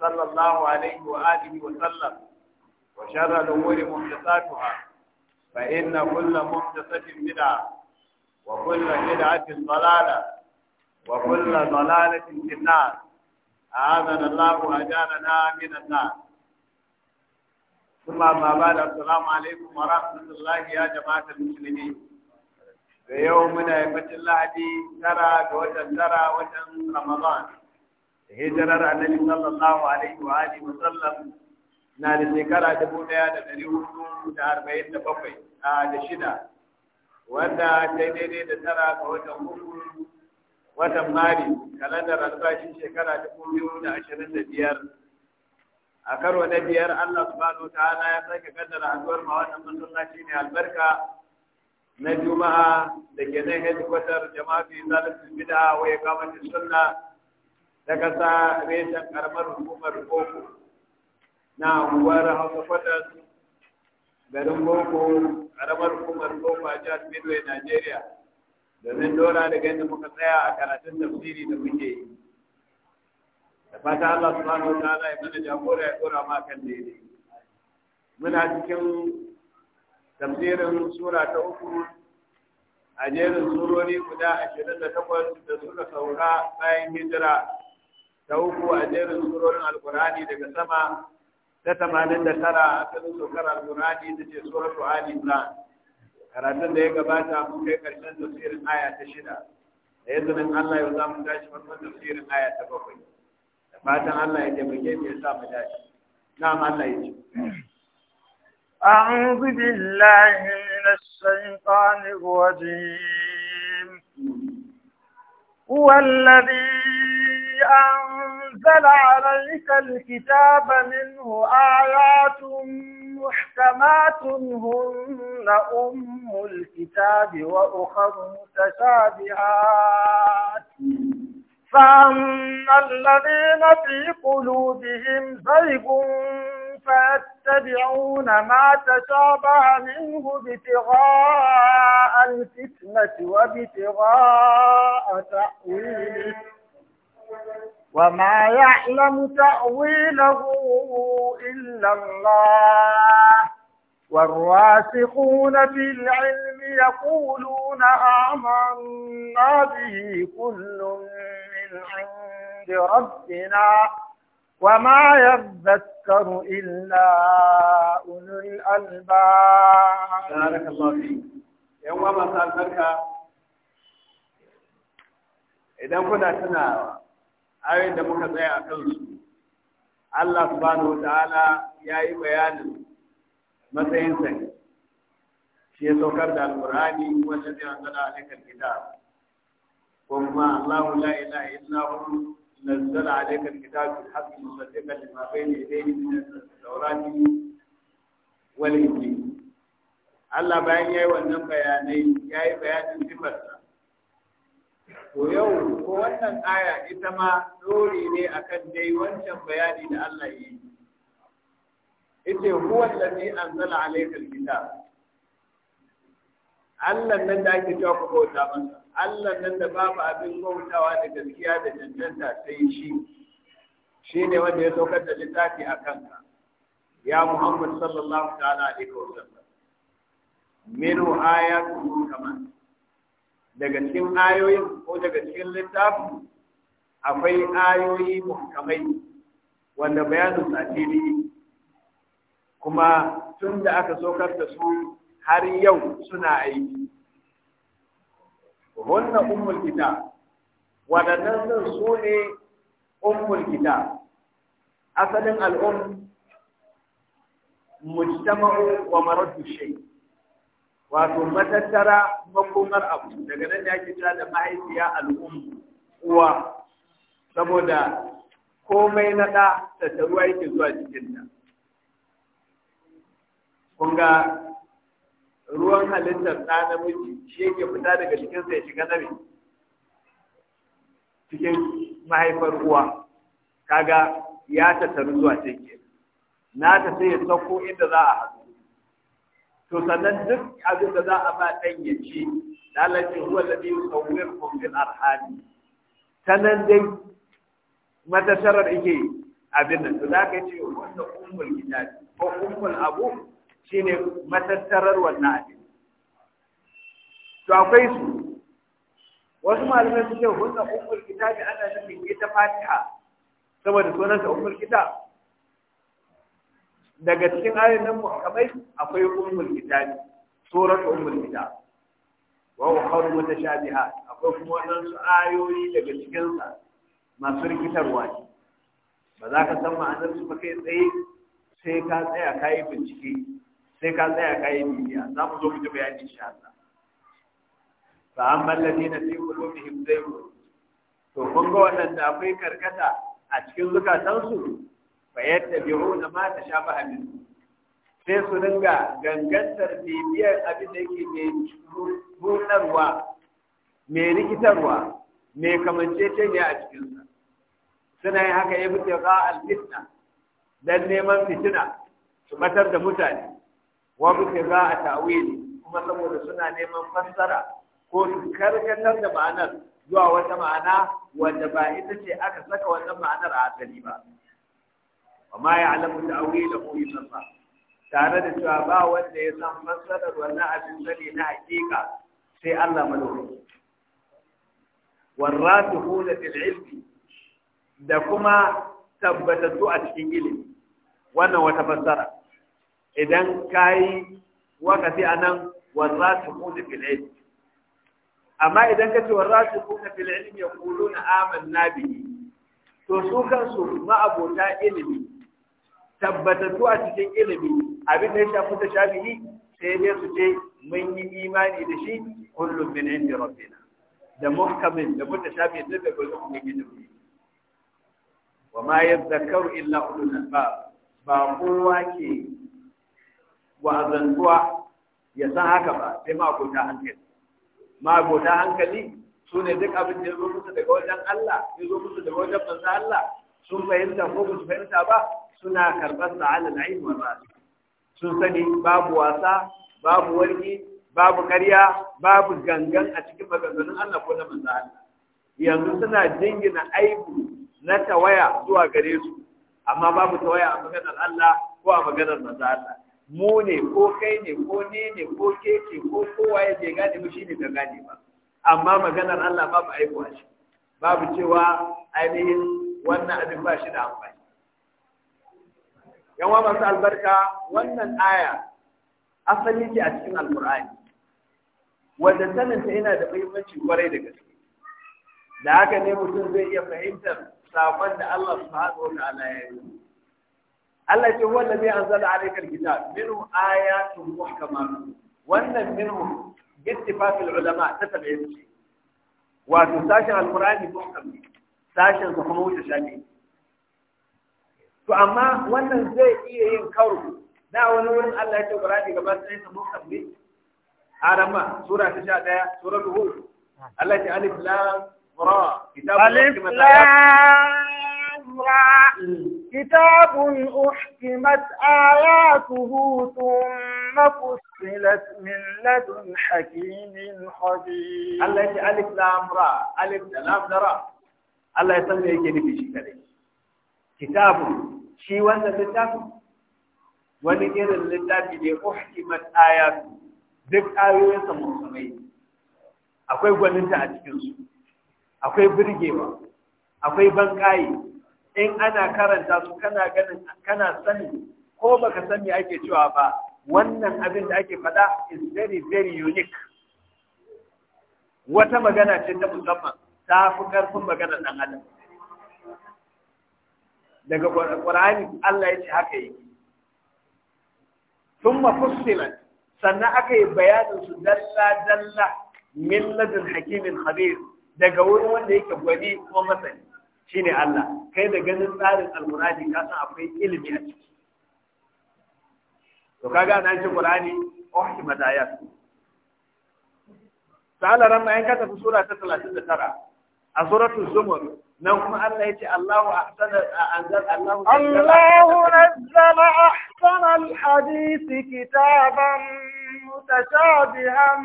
صلى الله عليه وآله وسلم وشر الأمور محدثاتها فإن كل محدثة بدعة وكل بدعة ضلالة وكل ضلالة في النار أعاذنا الله وأجارنا من النار ثم ما بعد السلام عليكم ورحمة الله يا جماعة المسلمين في يومنا يفتح الله ترى ترى وتن رمضان hijirar annabi sallallahu alaihi wa alihi wa sallam na da shekara dubu ɗaya da ɗari hudu da arba'in da bakwai a da shida wanda ta daidai da tara ga watan uku watan mari kalandar albashin shekara dubu biyu da ashirin da biyar a karo na biyar Allah subhanahu wa ta'ala ya sake kaddara haduwar ma wannan masallaci ne albarka na juma'a da ke nan hedikwatar jama'a fi zalimin bid'a wa ya kama sunna daga sa reshen karamar hukumar boko na unguwar hausa kwatas garin boko karamar hukumar boko a jihar midway nigeria domin dora da yadda muka tsaya a karatun tafsiri da muke yi da fata allah subhanahu wa ta'ala ya mana jagora ya dora ma kan daidai muna cikin tafsirin sura ta uku a jerin surori guda ashirin da takwas da suka saura bayan hijira ta uku a jerin surorin alkurani daga sama ta tamanin da tara a cikin sokar alkurani ta ce suratu ali imran karatun da ya gabata mun kai karshen tafsirin aya ta shida da izinin allah ya za mu tashi farkon tafsirin aya ta bakwai da fatan allah ya taimake mu ya sa mu tashi na'am allah ya ce أعوذ بالله من الشيطان الرجيم هو الذي أنزل عليك الكتاب منه آيات محكمات هن أم الكتاب وأخر متشابهات فأما الذين في قلوبهم زيغ فيتبعون ما تشابه منه ابتغاء الفتنة وابتغاء تأويله وما يعلم تأويله إلا الله والراسخون في العلم يقولون آمنا به كل من عند ربنا وما يذكر إلا أولو الألباب بارك الله فيك يوم ما صار بركة إذا كنا سنة ayoyin da muka tsaya a kansu Allah subhanahu wata'ala ya yi bayanin matsayin sa shi ya saukar da alqur'ani wanda zai anzala alaikal kitab kuma Allah la ilaha illa hu نزل عليك musaddiqan lima bayna yadayhi min يديه من wal injil Allah bayan ya yi wannan bayanai ya yi bayanin sifarsa Ko yau ko wannan aya ita ma dore ne akan dai wancan bayani da Allah yi. Ite huwa allazi anzala alayka alkitab. Allah nan da ake cewa ku bauta masa. Allah nan da babu abin bautawa da gaskiya da cancanta sai shi. Shi ne wanda ya saukar da littafi a kanka. Ya Muhammad sallallahu ta'ala alaihi wa sallam. Minu ayatu kaman daga cikin ayoyin ko daga cikin littafin akwai ayoyi muhkamai wanda bayanin satiri kuma tun da aka sokar da su har yau suna aiki Wannan umul gida waɗannan sun su ne umul gida, asalin al'um mujtama'u wa marar shay' wato matattara makomar abu daga nan ya ke kira da mahaifiya al'umma uwa saboda komai na ɗa tattaruwa yake zuwa jikinta kun ga ruwan halittar ɗa namiji shi yake fita daga jikinsa ya shiga nami cikin mahaifar uwa kaga ya tattaru zuwa cikin na ta sai ya sauko inda za a haɗu to sannan duk abin da za a ba ɗan ya ci lalace huwa da biyu sauwir kumfin arhani ta nan dai matasharar ike abin nan to za ka ce wanda ummul kitabi ko ummul abu shine matattarar wannan abin to akwai su wasu malamai su ce wanda ummul kitabi ana nufin ita fatiha saboda sunanta ummul kitab daga cikin ayoyin nan muhkamai akwai ummul kitabi surat ummul kitab wa huwa qawlun akwai kuma wadansu ayoyi daga cikin sa masu rikitarwa ne ba za ka san ma'anar su kai tsaye sai ka tsaya ka bincike sai ka tsaya ka yi bibiya za mu zo mu ji bayani insha Allah fa amma alladheena fi qulubihim zayg to kun ga da akwai karkata a cikin zukatansu fa yattabi'una ma tashabaha min sai su ringa gangantar bibiyar abin da yake mai nunarwa mai rikitarwa mai ne a cikinsa suna yin haka ya ya al-fitna don neman fitina su matar da mutane wa fi za a ta'wili kuma saboda suna neman fassara ko su karkatar da ma'anar zuwa wata ma'ana wanda ba ita ce aka saka wannan ma'anar a asali ba amma ya alamu da aure da koyi sassa tare da cewa ba wanda ya san masalar wannan abin sani na hakika sai Allah malauki huna fil ilmi da kuma tabbatattu a cikin ilimi wannan wata fassara idan kai wakati anan huna fil ilmi amma idan ka kace warrasihuna fil ilmi yaquluna amanna bihi to su kansu ma'abota ilimi tabbatattu a cikin ilimi abin da ya shafi ta shafi'i sai dai su ce mun yi imani da shi kullum min inda rabbina da muhkamin da muta shafi da da gudu ne gidan mu wa ma yadhakkaru illa ulul albab ba kowa ke wa'azantuwa ya san haka ba sai ma gota hankali ma gota hankali su ne duk abin da ya zo musu daga wajen Allah ya zo musu daga wajen manzo Allah sun fahimta ko ba su fahimta ba suna karɓar sa alal ayn wa sun sani babu wasa babu warki babu ƙarya babu gangan a cikin maganganun Allah ko na manzo Allah yanzu suna jingina aibu na tawaya zuwa gare su amma babu tawaya a maganar Allah ko a maganar manzo Allah mu ne ko kai ne ko ne ne ko ke ce ko kowa ya je gane mu shine da gane ba amma maganar Allah babu aibu a shi babu cewa ainihin wannan abin ba shi da amfani yawa masu albarka wannan aya asali ce a cikin alkur'ani wanda saninta yana da muhimmanci kwarai da gaske da haka ne mutum zai iya fahimtar sakon da Allah subhanahu wa ta'ala ya yi Allah ce wanda zai anzala alaikal kitab minhu ayatun muhkamatun wannan minhu bittifaqil ulama ta tabi'in wato sashen alkur'ani muhkam sashen sa kuma wuce shafi to amma wannan zai iya yin karo na wani wurin Allah ya ce Qur'ani gaba sai ta muqaddi arama sura ta 11 sura hud Allah ya alif lam ra kitabun كتاب أحكمت آياته ثم فصلت من لدن Allah خبير الله يجعل ألف لام را Allah Allah را الله yake nufi shi kare kitabun shi wannan littafin wani irin littafi ne uhkimat ayatu duk ayoyin sa musulmai akwai gwaninta a cikin su akwai burgewa akwai bankaye in ana karanta su kana ganin kana sani ko baka sani ake cewa ba wannan abin da ake faɗa is very very unique wata magana ce ta musamman ta fi ƙarfin magana ɗan adam daga ƙwararri Allah ya ce haka yi sun mafussilan sannan aka yi bayaninsu dalla-dalla min hakimin habir daga wuri wanda yake gwani ko masani shine Allah kai da ganin tsarin alkurani ka san akwai ilimi a ciki to kaga na shi qur'ani ohki madayat ta'ala ran ma ka tafi sura ta 39 a suratul zumar نعم كما الله الله احسن انزل الله الله نزل احسن الحديث كتابا متشابها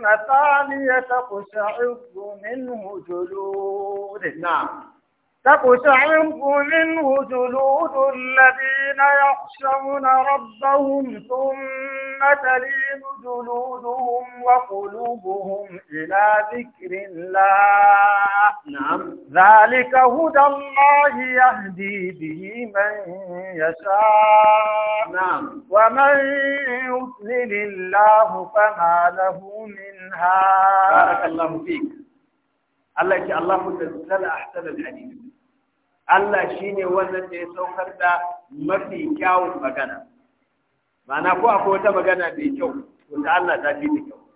مثاني تقشعر منه جلود نعم تقشعر منه جلود الذين يخشون ربهم ثم تلين جلودهم وقلوبهم إلى ذكر الله نعم ذلك هدى الله يهدي به من يشاء نعم ومن يضلل الله فما له من هاد بارك الله فيك الله يجعل الله نزل أحسن الحديث الله شيني ne wannan ما في saukar da ma'ana ko akwai wata magana mai kyau Wata ta Allah ta fi da kyau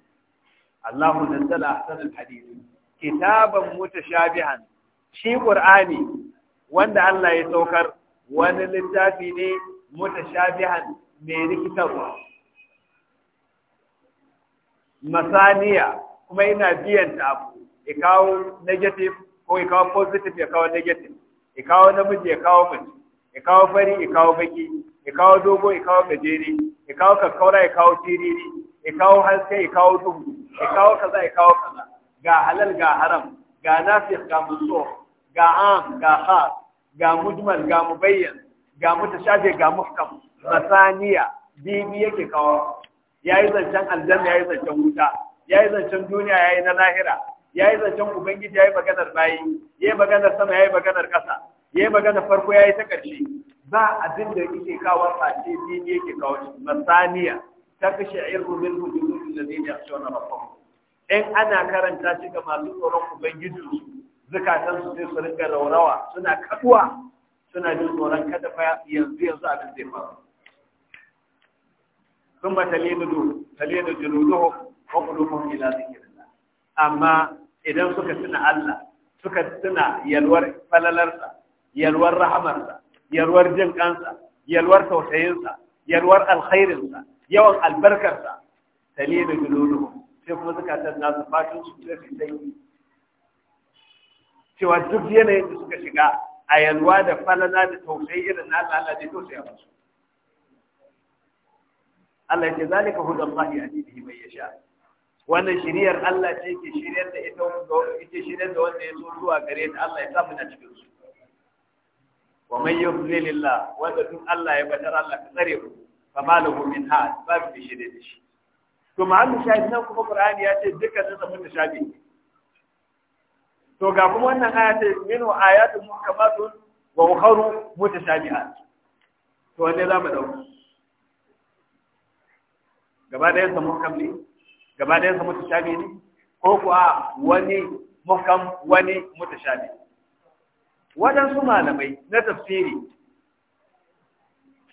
Allahu nazzala ahsanal hadith kitaban mutashabihan shi qur'ani wanda Allah ya saukar wani littafi ne mutashabihan mai rikitarwa masaniya kuma yana biyan ta abu ya kawo negative ko ya kawo positive ya kawo negative ya kawo namiji ya kawo mace ya kawo fari ya kawo baki ya kawo dogo ya kawo gajere ya kawo kakkaura ya kawo tiriri ya kawo haske ya kawo duhu ya kawo kaza ya kawo kaza ga halal ga haram ga nafis ga musu ga am ga khas ga mujmal ga mubayyan ga mutashabi ga muhkam masaniya bibi yake kawo yayi zancen aljanna yi zancen wuta ya yi zancen duniya ya yi na lahira ya yi zancen ubangiji ya yi maganar bayi ya yi maganar sama ya yi maganar kasa yi maganar farko ya yi ta ƙarshe ba abin da yake kawo sace ne yake kawo shi masaniya ta kashe irru min hududin da zai ya shona rabbahu in ana karanta shi ga masu tsoron ubangiji su zakatan su sai su rinka raurawa suna kaduwa suna jin tsoron kada fa yanzu yanzu abin zai faru thumma talinudu talinu kuma wa qulubuhum ila dhikrillah amma idan suka tuna Allah suka tuna yalwar falalarsa yalwar rahamarsa yalwar jin kansa yalwar tausayinsa yalwar alkhairinsa yawan albarkarsa talilu dululu sai kuma zakatan nasu fatin su da sai cewa duk yanayin da suka shiga a yalwa da Falana, da tausayi irin na Allah Allah zai tausaya musu Allah ya ce zalika hudan Allah a bihi mai ya sha. wannan shiriyar Allah ce ke shiryar da ita wanda ya so zuwa gare ta Allah ya samu na cikin su wa man yudlil Allah wanda duk Allah ya batar Allah ka tsare ku. fa malahu min had babu da shi da shi to ma'alu shafi nan kuma Qur'ani ya ce dukkan sun mutu shafi to ga kuma wannan aya ce minu ayatu muhkamatun wa ukharu mutashabihat to wanne za mu dauka gaba da yansa muhkam ne gaba da yansa mutashabi ne ko kuwa wani muhkam wani mutashabi ne waɗansu malamai na tafsiri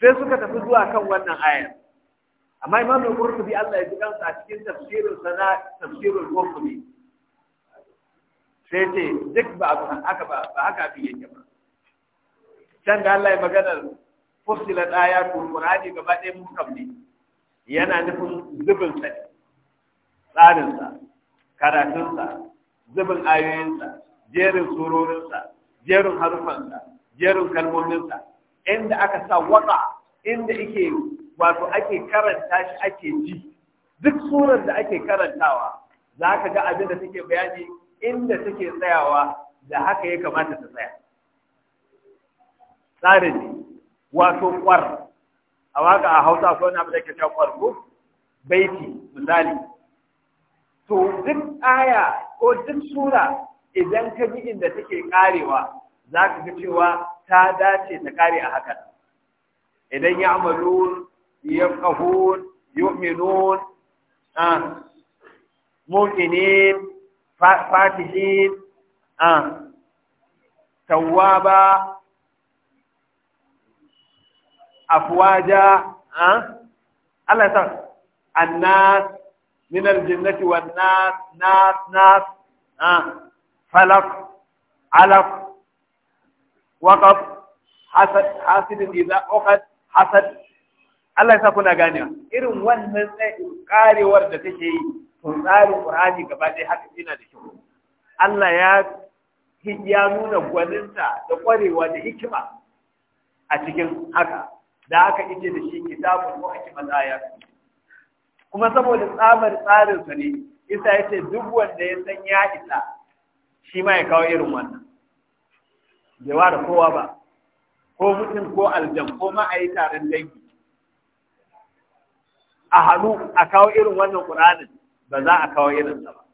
sai suka tafi zuwa kan wannan ayar amma imamu qurtubi Allah ya ji kansa a cikin tafsirin sana tafsirul qurtubi sai ce duk ba abu haka ba ba haka fi yake ba can da Allah ya maganar fusilat ayatul qur'ani gaba ɗaya mun kamne yana nufin zubin sa tsarin sa zubin ayoyinsa, jerin surorin jerin harufansa jerin kalmominsa inda aka sa waka inda ake wato ake karanta shi ake ji duk surar da ake karantawa za ka ga abin da take bayani inda take tsayawa da haka ya kamata ta tsaya tsarin ne wato kwar a waka a hausa ko na ke kwar ko baiti misali to duk aya ko duk sura idan ka bi inda take karewa za ka ga cewa ta dace ta kare a hakan idan ya amalun yafqahun yu'minun ah mu'minin fatihin Tawaba, afwaja ah Allah ya san annas min jinnati wan nas nas nas falak alaf waqaf hasad hasidin idza uqad hasad Allah ya sa kuna ganewa irin wannan tsayin karewar da take yi to tsarin Qur'ani gaba ɗaya haka yana da kyau Allah ya ya nuna gwaninta da kwarewa da hikima a cikin haka da haka ita da shi kitabun wa hikimar ayat kuma saboda tsamar tsarin sa ne isa yace duk wanda ya san ya isa shi ma ya kawo irin wannan bai ware kowa ba ko mutum ko aljan ko ma a yi taron dangi a hannu a kawo irin wannan ƙuranin ba za a kawo irinsa ba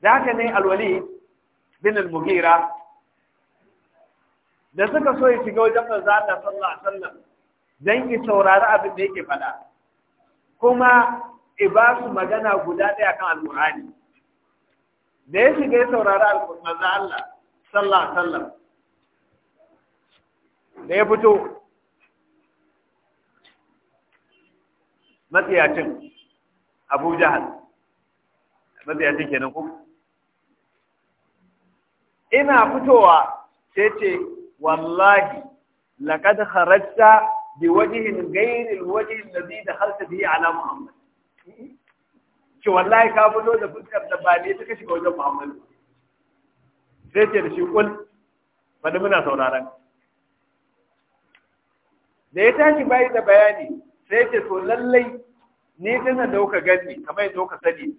da haka ne alwali bin al-mughira da suka so ya shiga wajen manzo Allah sallallahu alaihi wasallam dan ki saurari abin da yake faɗa kuma su magana guda ɗaya kan al-qur'ani da ya shiga ya saurari alƙur'an da Allah sallah sallah da ya fito matsiyacin abu jahal matsiyacin kenan ku ina fitowa ce ce wallahi laqad kharajta bi wajhin ghayri al-wajhi alladhi dakhalta bihi ala muhammad ce wallahi ka fito da fuskar da ba ne suka shiga wajen muhammadu sai ce da shi kul bada muna sauraron da ya tashi bayi da bayani sai ce to lallai ni dana da kuka gani kamar yadda kuka sani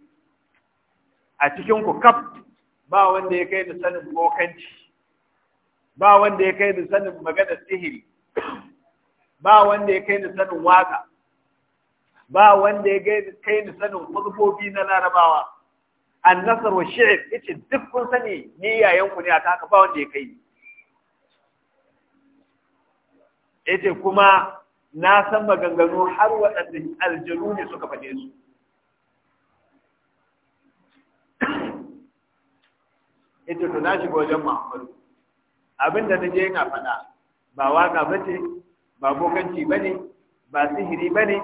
a cikin ku kaf ba wanda ya kai da sanin bokanci ba wanda ya kai da sanin maganar sihiri ba wanda ya kai da sanin waka ba wanda ya kai ni sanin mazubobi na larabawa an nasar wa shi'ib ita duk kun sani ni yayanku ne aka haka ba wanda ya kai ni kuma na san maganganu har waɗanda aljanu ne suka faɗe su Ita to na shiga wajen Muhammadu abinda je yana faɗa ba waka ba ce, ba bokanci ne, ba sihiri ba ne.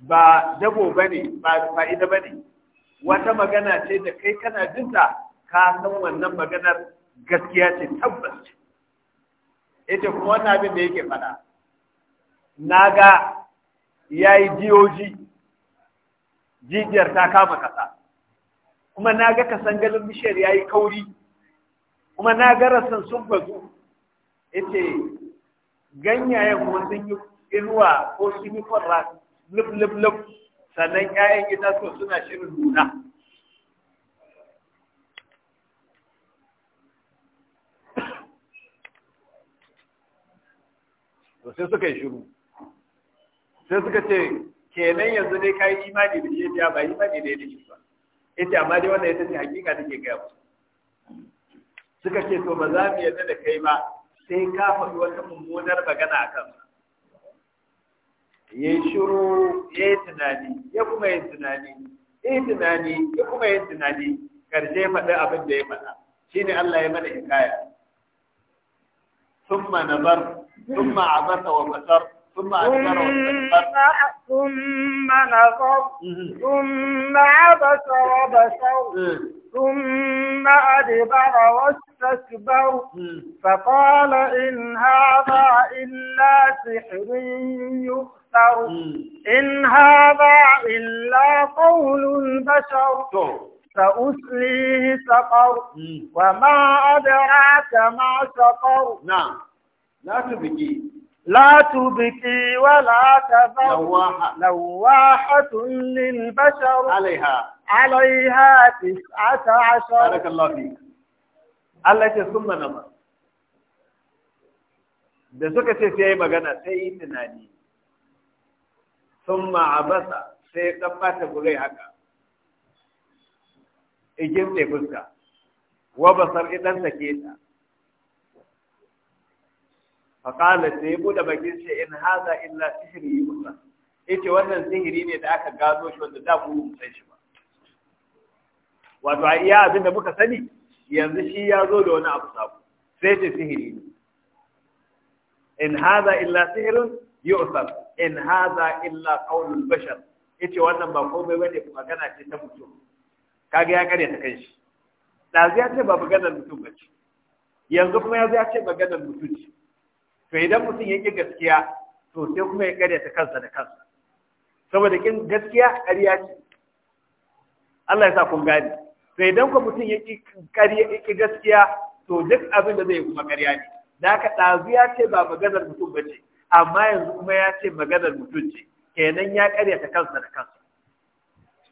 ba dabo bane ba fa'ida bane wata magana ce da kai kana jinta ka san wannan maganar gaskiya ce tabbas ce ita kuma wannan abin da yake faɗa na ga ya yi jijiyar ta kama kasa kuma na ga kasangalin bishiyar ya yi kauri kuma na ga rasan sun bazu ita ganyayen kuma yi inuwa ko sun yi kwan lub lub lub sannan gida itatuwa suna shirin nuna to sai suka yi shiru sai suka ce kenan yanzu dai yi imani da shi ya ba imani da shi ba ita amma dai wannan ita ce hakika ke ga ba suka ce to ba za mu yadda da kai ba sai ka faɗi wata mummunar magana akan kansa ya shiru ya yi tunani ya kuma yi tunani ya yi tunani ya kuma yi tunani karshe faɗi abin da ya faɗa shine Allah ya mana hikaya ثم نظر ثم عبس وبصر ثم أدبر واستكبر ثم نظر ثم عبس وبصر ثم أدبر واستكبر فقال إن هذا إلا سحر يؤثر يفتر إن هذا إلا قول البشر سأسليه سقر وما أدراك ما سقر نعم لا تبكي لا تبكي ولا تذر لواحة لواحة للبشر عليها عليها تسعة عشر بارك الله فيك الله ثم نظر da suka ce sai magana sai tunani sun ma'abasa sai ya ɗan ɓata gurai haka Ikin ne fuska wa basar idan ke ta faƙala sai buɗe bakin shi in haza illa sihiri yi musa yace wannan sihiri ne da aka gano shi wanda da mu san shi ba wato a iya abin da muka sani yanzu shi ya zo da wani abu sabu sai ce sihiri ne in haza illa sihirin yusuf in haza illa qaulul bashar yace wannan ba komai bane magana ce ta mutum kage ya kare ta kanshi da ya ce ba magana mutum bace yanzu kuma ya zai ce magana mutum ce to idan mutum ya ki gaskiya to sai kuma ya kare ta kansa da kansa saboda kin gaskiya ƙarya ce Allah ya sa kun gane to idan ko mutum ya ki ƙarya ki gaskiya to duk abin da zai kuma ƙarya ne da haka dazu ya ce ba maganar mutum bace amma yanzu kuma ya ce maganar mutum ce kenan ya karyata kansa da kansa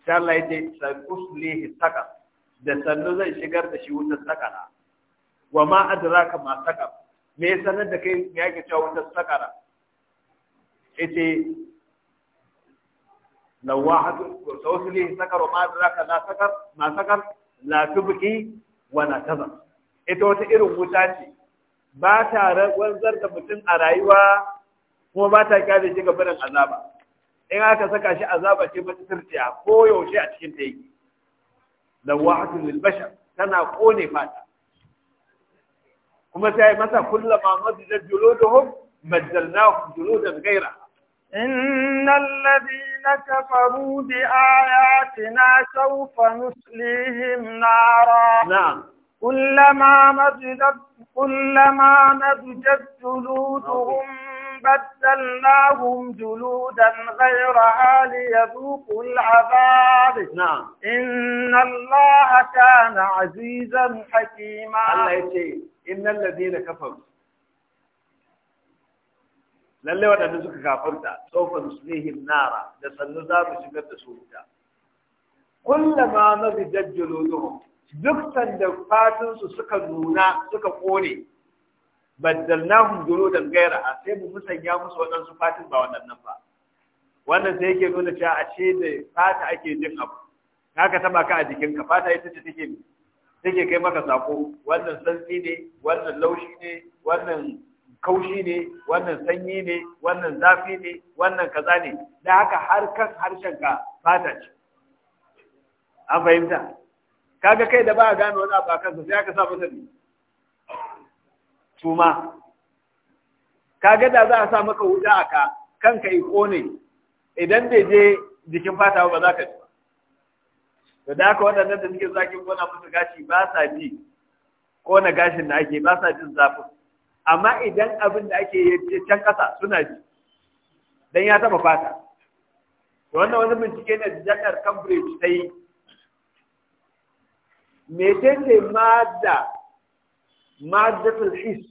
shalla ya ce san uslihi saka da sannu zai shigar da shi wutar sakara wa ma adraka ma saka me sanar da kai ya ke cewa wutar sakara yace lawahatu uslihi sakar wa ma adraka la sakar ma sakar la tubqi wa la tazar ita wata irin wuta ce ba ta wanzar da mutum a rayuwa kuma ba ta kyale shi ga barin azaba in aka saka shi azaba ce mata tirtiya ko yaushe a cikin ta yake lawahatul lil bashar tana kone fata kuma sai masa kullama madda juluduhum badalnahum juludan ghaira إن الذين كفروا بآياتنا سوف نسليهم نارا نعم كلما نضجت كلما نضجت جلودهم بدلناهم جلودا غير عالي يذوقوا العذاب نعم إن الله كان عزيزا حكيما الله يتشيء إن الذين كفروا للي وانا نزك كافرتا سوف نسليه النار دسل نزار شكت سوكتا كلما نضجت جلودهم دكتا دفاتا سكا نونا سكا قولي baddalnahum juludan ghayra sai mu musanya musu waɗansu fatin ba waɗannan ba wannan sai yake nuna cewa a ce da fata ake jin abu haka taba ka a jikinka fata ita ce take take kai maka sako wannan santsi ne wannan laushi ne wannan kaushi ne wannan sanyi ne wannan zafi ne wannan kaza ne da haka har kan harshen ka fata ce an fahimta kaga kai da ba a gane wani abu a sai aka sa masa ne Tuma. Ka gada da za a sa maka wuta a ka kanka yi kone idan bai je jikin fata ba za ka ji da haka waɗannan da suke zakin kona musu gashi ba sa ji kona gashin da ake ba sa jin zafin amma idan abin da ake yi can ƙasa suna ji dan ya taba fata wannan wani bincike ne da jami'ar Cambridge ta yi mecece ma da maddatul his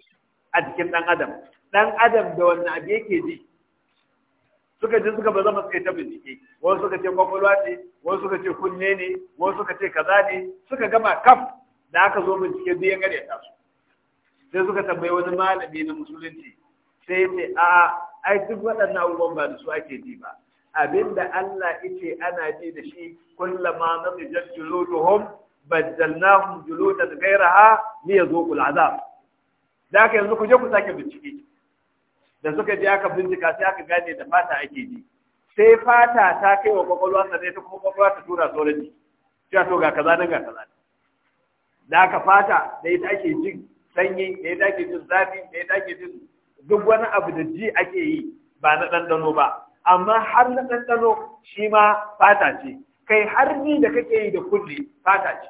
a jikin ɗan adam ɗan adam da wannan abu yake ji suka ji suka ba zama suka ta bincike wani suka ce kwakwalwa ne? wani suka ce kunne ne wani suka ce kaza ne suka gama kaf da aka zo bincike duk ya gare ta su sai suka tambayi wani malami na musulunci sai ce a ai duk waɗannan abubuwan ba da su ake ji ba abinda Allah yake ana ji da shi kullama na jirgin juluduhum baddalnahum juludan ghayraha liyazuqu al'azab da ka yanzu ku je ku sake bincike da suka je aka bincika sai aka gane da fata ake ji sai fata ta kai wa kwakwalwa sannan ta kuma kwakwalwa ta tura sauran ji cewa to ga kaza nan ga kaza da aka fata da ita ake jin sanyi da ita ake jin zafi da ita ake jin duk wani abu da ji ake yi ba na ɗanɗano ba amma har na ɗanɗano shi ma fata ce kai har ni da kake yi da kulle fata ce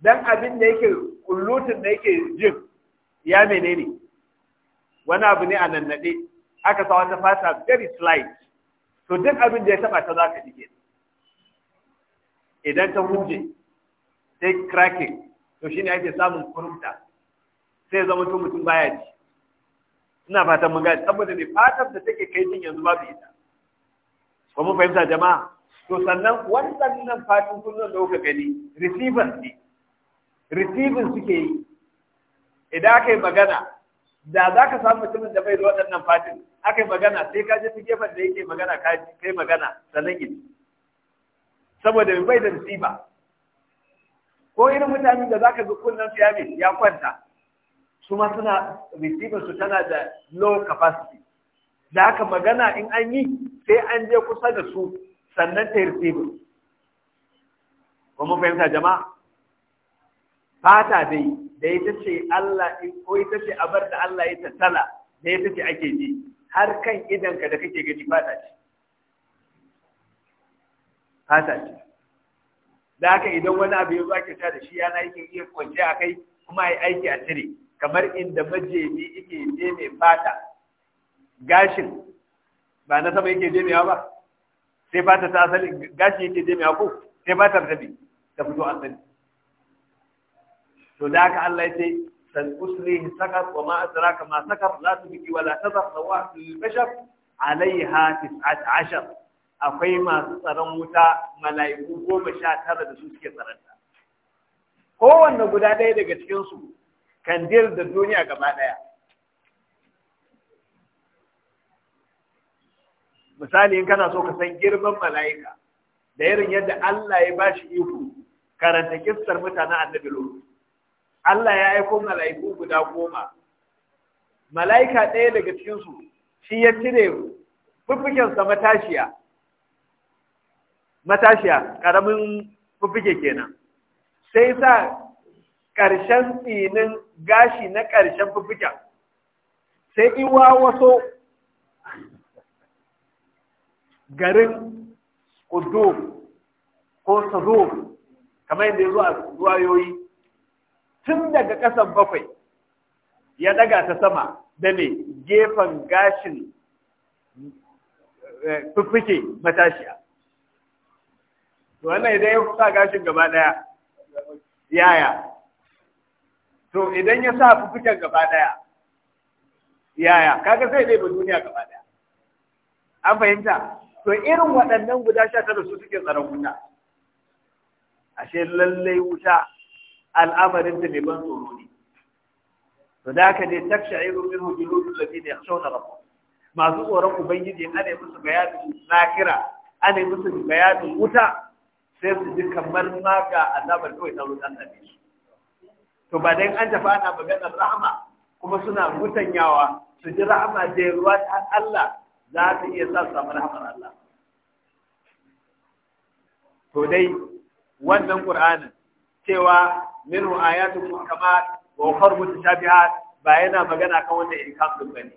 dan abin da yake kullutun da yake jin ya menene wani abu ne a nannade aka sa wata fata very slight to duk abin da ya taba ta zaka dige idan ta huje sai cracking to shine ake samun kurumta sai zama to mutum baya ji ina fatan mun gani saboda ne fatan da take kai jin yanzu babu ita ko mun fahimta jama'a to sannan wannan nan fatin kullun da kuka gani receiver ne receiving suke yi idan aka yi magana da za ka samu mutumin da bai da waɗannan fatin aka yi magana sai ka je gefen da yake magana ka yi magana sannan yi saboda bai da receiver ko irin mutane da za ka ga kunnen su ya ya kwanta su ma suna receiver su tana da low capacity da aka magana in an yi sai an je kusa da su sannan ta receiver. Ba Kuma fahimta jama'a? fata dai da ita ce Allah ko ita ce abar da Allah ya tattala da ita ce ake ji har kan idanka da kake gani fata ce fata ce da haka idan wani abu ya zo ake da shi yana yake iya kwance a kai kuma ya aiki a cire kamar inda majemi yake je mai fata gashin ba na sama yake je mai ba sai fata ta asali gashi yake je mai ko sai fata ta bi ta fito asali to da haka Allah ya ce san usrihi sakar wa ma asraka ma sakar la tubqi wa la tazar sawat lil bashar alaiha 19 akwai masu tsaron wuta mala'iku goma sha tara da su suke tsaranta kowanne guda ɗaya daga cikin cikinsu dir da duniya gaba ɗaya misali in kana so ka san girman mala'ika da irin yadda Allah ya bashi iko karanta kistar mutanen annabi lokacin Allah ya aiko mala'iku guda goma mala'ika ɗaya daga cikinsu shi ya cire fuffikensa matashiya matashiya ƙaramin fuffike kenan sai sa ƙarshen tsinin gashi na ƙarshen fuffiken sai iwa wasu garin kudu ko sazo kamar yadda ya zo a ruwayoyi tun daga ƙasan bakwai ya daga ta sama da ne gefen gashin eh, fiffike matashiya. Wannan idan ya kusa gashin gaba ɗaya, yaya. To idan ya sa fiffiken gaba ɗaya, yaya, kaga sai ne ba duniya gaba ɗaya. An fahimta? To irin waɗannan guda sha tara su suke tsaron wuta. Ashe lallai wuta al'amarin da mai ban tsoro ne to da haka dai takshairu da juludul ladina yakhshawna rabu. masu tsoron ubangiji ana yi musu bayanin nakira ana yi musu bayanin wuta sai su ji kamar ma ga azabar kawai ta wutan da to ba dai an tafi ana maganar rahama kuma suna mutanyawa su ji rahama da ruwa ta Allah za su iya sa su samu rahamar Allah to dai wannan Kur'anin cewa minhu ayatun muhkamat wa ukhra mutashabihat ba yana magana kan wanda inkam din bane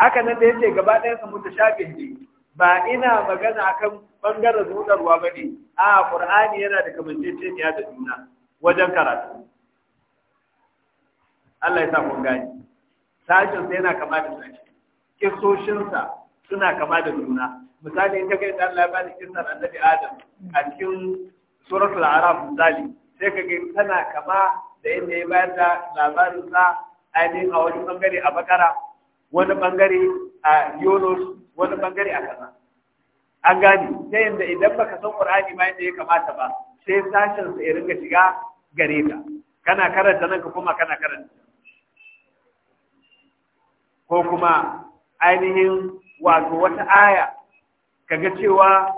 haka nan da yace gaba ɗayan sa mutashabih ne ba ina magana akan bangaren zudarwa bane a qur'ani yana da kamanceceniya da juna wajen karatu Allah ya sa mun gani sashin sa yana kama da sashi kisoshin sa suna kama da juna misali in ka ga Allah ya bani kisan annabi Adam a cikin suratul Araf misali sai ka gani tana kama da yadda ya bayar da labarin ainihin a wani bangare a bakara wani bangare a yunus wani bangare a kaza an gane ta yadda idan baka san qur'ani ma yadda ya kamata ba sai sashen sa ya ringa shiga gare ka kana karanta nan ka kuma kana karanta ko kuma ainihin wato wata aya kaga cewa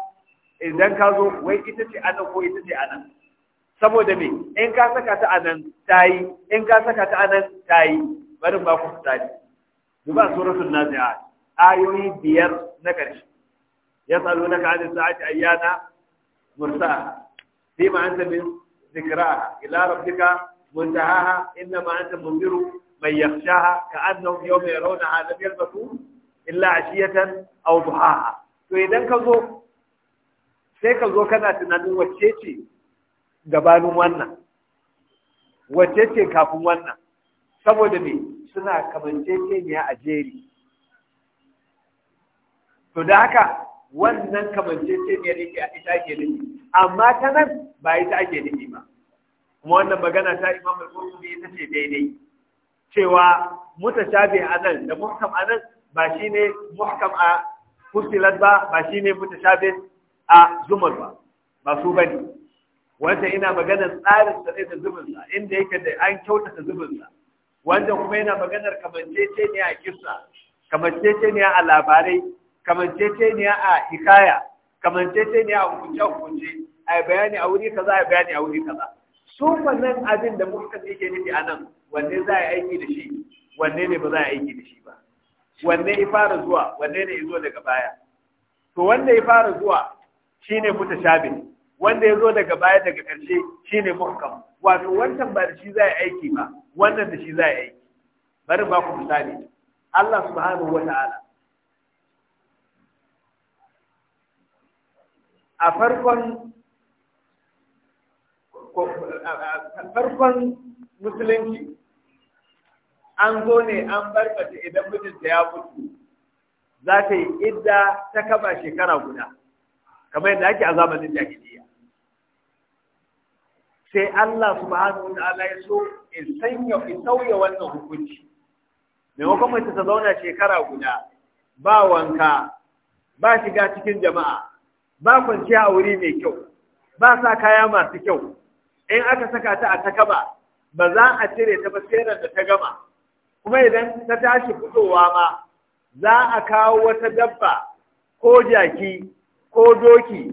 idan ka zo wai ita ce anan ko ita ce anan saboda me in ka saka ta anan tayi in ka saka ta anan tayi bari ba ku tsari duba suratul nazi'at ayoyi biyar na ƙarshe yasalunaka an sa'ati ayyana mursa fi ma anta min ذكراها إلى ربك منتهاها إنما أنت منذر من يخشاها كأنهم يوم يرونها لم يلبثوا illa عشية أو ضحاها to idan ka zo sai ka zo kana tunanin wacce ce gabanin wannan wacce ce kafin wannan saboda ne suna kamanceceniya a jeri to da haka wannan ne ne a ita ake nufi amma ta nan ba ita ake nufi ba kuma wannan magana ta imam al ne ita ce daidai cewa mutashabi nan, da muhkam nan, ba shine muhkam a fusilat ba ba shine mutashabi a zumar ba ba su bane wanda ina maganar tsarin sa da zubin sa inda yake da an kyautata zubin sa wanda kuma yana maganar kamancece ne a kissa kamancece ne a labarai kamancece ne a hikaya kamancece ne a hukunce hukunce a bayani a wuri kaza a bayani a wuri kaza su wannan abin da muka yake nufi a nan wanne za a aiki da shi wanne ne ba za a aiki da shi ba wanne ya fara zuwa wanne ne ya zo daga baya to wanda ya fara zuwa shine mutashabihi wanda ya zo daga baya daga ƙarshe shi ne muhkam wato wancan ba da shi za a aiki ba wannan da shi za a aiki bari ba ku misali Allah subhanahu wata'ala a farkon farkon musulunci an zo ne an barkata idan mijinta ya mutu za ta yi idda ta kaba shekara guda kamar yadda ake a zamanin jahiliya sai Allah subhanahu wa ta'ala ya so in sanya in sauya wannan hukunci maimakon mace ta zauna shekara guda ba wanka ba shiga cikin jama'a ba kwanciya a wuri mai kyau ba sa kaya masu kyau in aka saka ta a takaba ba za a cire ta ba da ta gama kuma idan ta tashi fitowa ma za a kawo wata dabba ko jaki ko doki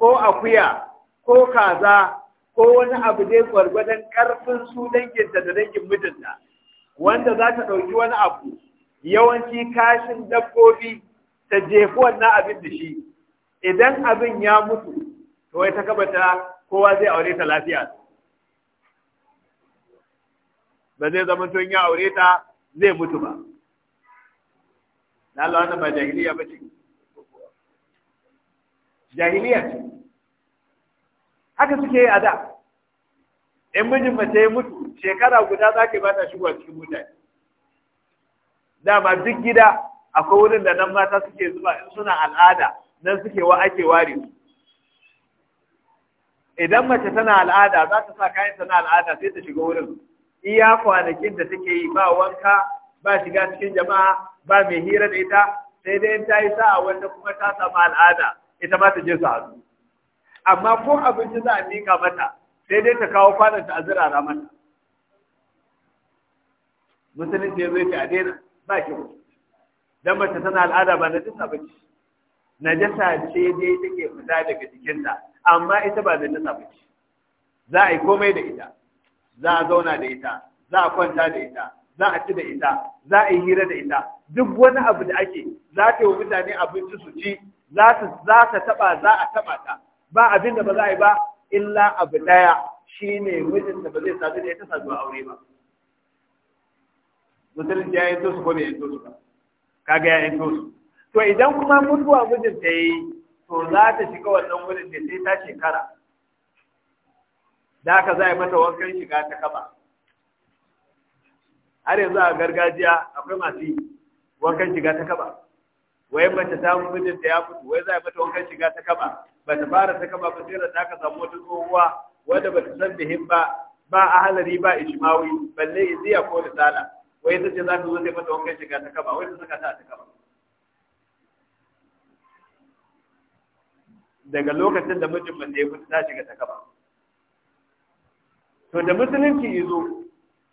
ko akuya ko kaza ko wani abu dai gwargwadon karfin su danginta da dangin mijinta wanda za ta ɗauki wani abu yawanci kashin dabbobi ta jefi wannan abin da shi idan abin ya mutu to wai ta kabata kowa zai aure ta lafiya ba zai zama tun ya aure ta zai mutu ba na lawan da ba jahiliya ba ce jahiliya ce haka suke yi a da in mijin mace ya mutu shekara guda za ka bata shigo a cikin mutane dama duk gida akwai wurin da nan mata suke zuba in suna al'ada nan suke wa ake ware su idan mace tana al'ada za ta sa kayan tana al'ada sai ta shiga wurin iya kwanakin da take yi ba wanka ba shiga cikin jama'a ba mai hira da ita sai dai ta yi sa'a wanda kuma ta samu al'ada ita ma ta je su hazu amma ko abinci za a miƙa mata sai dai ta kawo kwananta a zirara mata musulunci ya zai a daina ba ki dan mace tana al'ada ba najasa ba Na najasa ce dai take fita daga jikinta amma ita ba najasa ba ce za a yi komai da ita za a zauna da ita za a kwanta da ita za a ci da ita za a yi hira da ita duk wani abu da ake za ta yi wa mutane abinci su ci za ta taba za a taba ta ba abin da ba za a yi ba illa abu daya shine mijinta ba zai sadu da ita a aure ba musulunci ya yi tosu ko bai yi tosu ba kaga ya yi tosu to idan kuma mutuwa mijinta ta yi to za ta shiga wannan wurin da sai ta shekara da ka za a yi mata wankan shiga ta kaba har yanzu a gargajiya akwai masu wankan shiga ta kaba wai mace ta mu mijinta ya mutu wai za a mata wankan shiga ta kaba ba ta fara ta kaba ba sai da ta ka samu wata tsohuwa wanda ba ta san bihin ba ba halari ba ishmawi balle iziya ko risala wai ita ce za ta zo ta mata wankan shiga ta kaba wai ta saka ta ta kaba daga lokacin da mijin mace ya mutu ta shiga ta kaba to da musulunci izo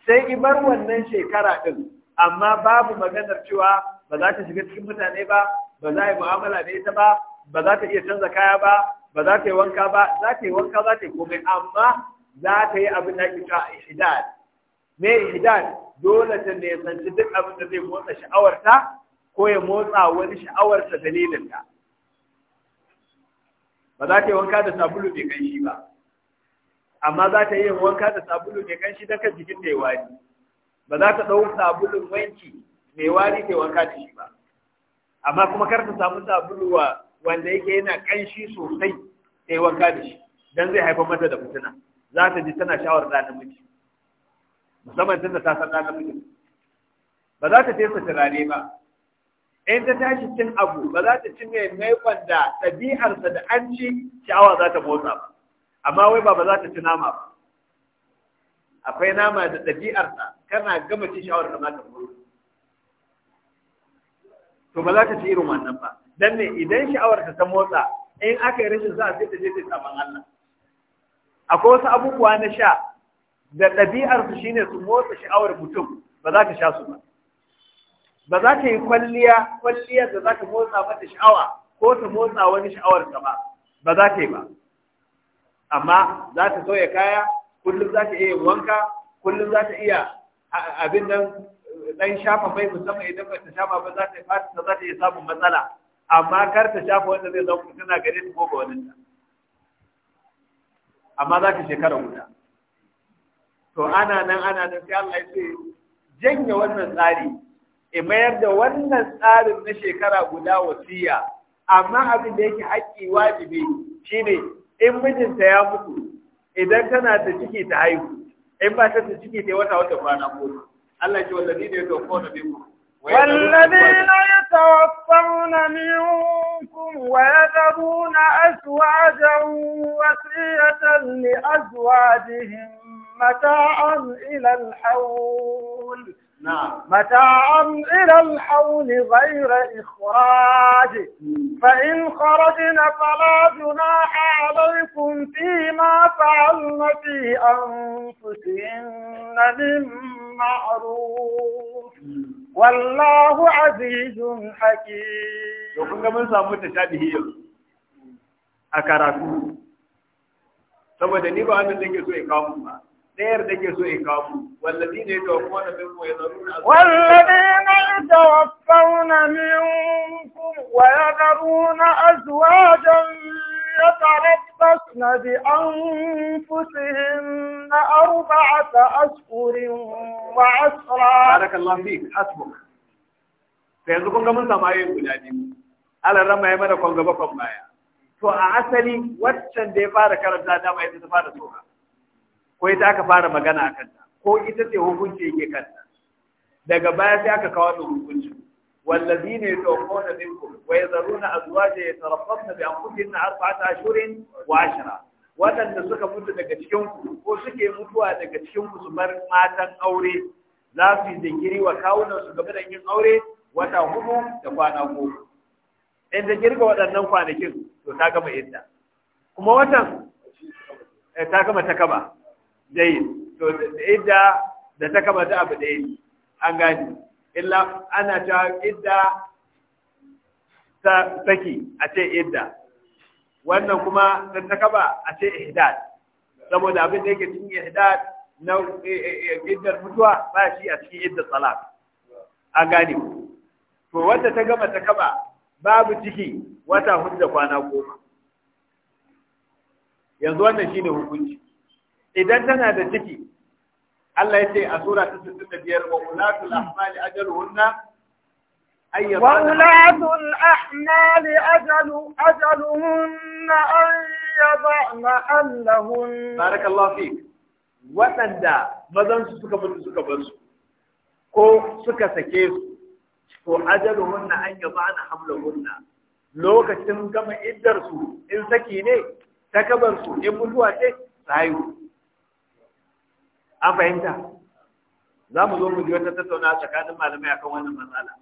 sai ibar wannan shekara din amma babu maganar cewa ba za ta shiga cikin mutane ba ba za a yi mu'amala da ita ba ba za ta iya canza kaya ba ba za ta yi wanka ba za ta yi wanka za ta yi komai amma za ta yi abin da ake a ihdad me ihdad dole ta nisanci duk abin da zai motsa sha'awarta ko ya motsa wani sha'awarta dalilinta ba za ta yi wanka da sabulu mai kanshi ba amma za ta yi wanka da sabulu mai kanshi don kan jikin da ya wani ba za ta ɗau sabulun wanki mai wari ke wanka da shi ba amma kuma kar ta samu sabulu wa wanda yake yana kanshi sosai ta wanka da shi dan zai haifar mata da fitina za ta ji tana shawar da namiji musamman tunda ta san da namiji ba za ta tesa turare ba in ta tashi cin abu ba za ta ci mai maikon da ɗabi'arsa da an ci sha'awa za ta motsa ba amma wai ba ba za ta ci nama ba akwai nama da ɗabi'arsa kana gama ci sha'awar da za ta motsa to ba za ta ci irin wannan ba dan ne idan sha'awarta ta motsa in aka yi rashin sa'a sai ta je ta saman Allah akwai wasu abubuwa na sha da ɗabi'ar su shine su motsa sha'awar mutum ba za ta sha su ba ba za ta yi kwalliya kwalliyar da za ta motsa mata sha'awa ko ta motsa wani sha'awar ta ba ba za ta yi ba amma za ta sauya kaya kullum za ta iya wanka kullum za ta iya abin nan dan shafa mai musamman idan ba ta shafa ba za ta fata ta za ta iya samun matsala amma kar ta shafa wanda zai zama tana gare ta ko ga wani ta amma za ta shekara guda to ana nan ana nan sai Allah ya ce janye wannan tsari e mayar da wannan tsarin na shekara guda wasiya amma abin da yake haƙƙi wajibi shine in mijinta ya mutu idan tana da ciki ta haihu in ba ta ciki ta wata wata kwana ko Allah ce wallazi ne ya tawaffa na biyu والذين يتوفون منكم ويذرون أزواجا وصية لأزواجهم متاعا إلى الحول متاعا إلى الحول غير إخراج فإن خرجن فلا جناح عليكم فيما فعلن في أنفسهن من معروف والله عزيز حكيم يقول من سامو تشابه أكاراتو saboda ni ba wannan da ke so ya kawo mu ba ɗayar da ke so in kawo wallazi ne da kuma da bin ko ya zaru na wallazi na ita wafauna minkum wa ya zaru na azwajan ya tarabbas na bi an fusihin na arba'ata askurin wa asra barakallahu fi hasbuk sai yanzu kun ga mun samu ayoyin guda biyu Allah rama ya mana kwan gaba kwan baya to a asali waccan da ya fara karanta dama ita ta fara tsoka ko ita aka fara magana a kanta ko ita ce hukunci yake kanta daga baya sai aka kawo da hukunci والذين يتوفون منكم ويذرون ازواجا يتربصن بانفسهن اربعه اشهر وعشرا waɗanda suka mutu daga cikin ko suke mutuwa daga cikin ku bar matan aure za su yi zikiri wa kawunan su gaba da yin aure wata hudu da kwana goma in da girga waɗannan kwanakin to ta gama idda kuma watan eh, ta gama ta kaba dai to da idda da ta kamata abu ɗaya an gani illa ana ta idda ta saki a ce idda wannan kuma ta kaba a ce ihdad saboda abin da yake cikin ihdad na eh, eh, eh, iddar mutuwa ba shi a cikin iddar salat an gani to wanda ta gama takaba babu ciki wata hudu da kwana goma yanzu wannan shine hukunci idan tana da ciki Allah ya ce a sura ta 65 wa ulatul ahmali ajaluhunna Wa الأحمال أجل أجلهن أن يضعن أهلهن بارك الله فيك waɗanda mazan su suka mutu suka bar su ko suka sake su ko ajaluhunna an yabana hamlahunna lokacin gama iddar su in saki ne ta kabar su in mutuwa ce sai an fahimta za mu zo mu ji wata tattauna a tsakanin malamai akan wannan matsala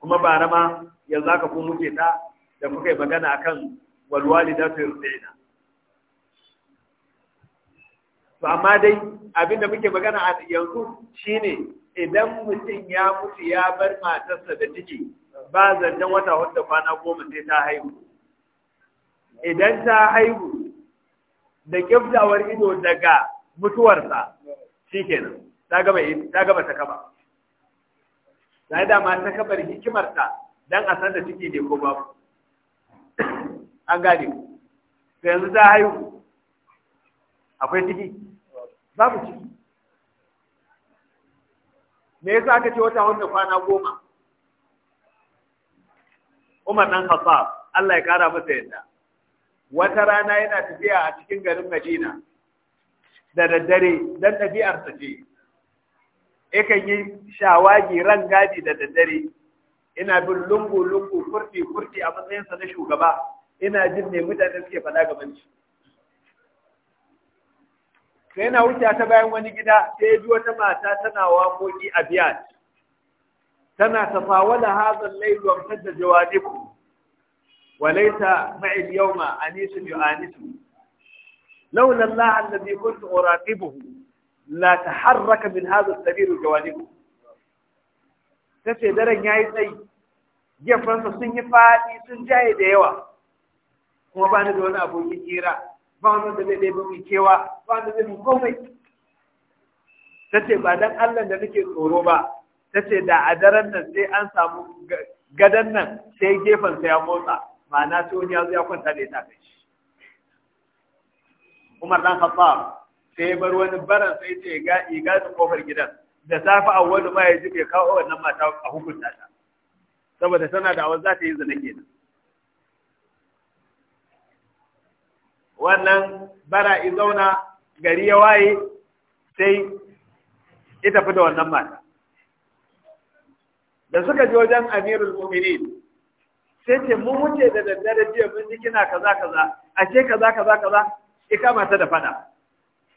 kuma ba rama yanzu aka ku muke ta da kuka yi magana a akan walwali da su yurdaina to amma dai abinda muke magana a yanzu shine idan mutum ya mutu ya bar matarsa da ciki ba zancen wata wata kwana goma sai ta haihu idan ta haihu da kyaftawar ido daga mutuwarsa shi kenan ta gaba ta kaba ta yi dama ta kabar hikimarta don a san da ciki ne ko babu an gane ku ta yanzu ta haihu akwai ciki babu ciki me yasa aka ce wata wanda kwana goma Umar dan Khattab Allah ya kara masa yadda wata rana yana tafiya a cikin garin Madina da daddare don ta ce yakan yi shawagi ran gadi da daddare ina bin lungu-lungu kurti-kurti a matsayinsa na shugaba ina jin ne mutane suke faɗa ga shi sai yana wuce ta bayan wani gida sai ji wata mata tana waƙoƙi a biyat tana tafawala hazan lailuwar da jawadiku walaita ma'il yau ma anisu nisan لولا الله الذي كنت أراقبه لا تحرك من هذا السبيل جوانبه tace daren yayi tsayi gefansa sun yi fadi sun jaye da yawa kuma ba ni da wani abokin hira ba wani da zai ba mai kewa ba wani zai komai tace ba dan Allah da nake tsoro ba tace da a daren nan sai an samu gadon nan sai gefen gefansa ya motsa ma'ana sai wani ya ya kwanta da ita kai Umar dan Khattab sai bar wani baran sai ce ga iga kofar gidan da safa awwalu ma yaji bai kawo wannan mata a hukunta ta saboda tana da wani za ta yi zina kenan wannan bara i zauna gari ya waye sai ita da wannan mata da suka je wajen amirul mu'minin sai ce mu wuce da daddare jiya mun ji kina kaza kaza ashe kaza kaza kaza ikama ta da fada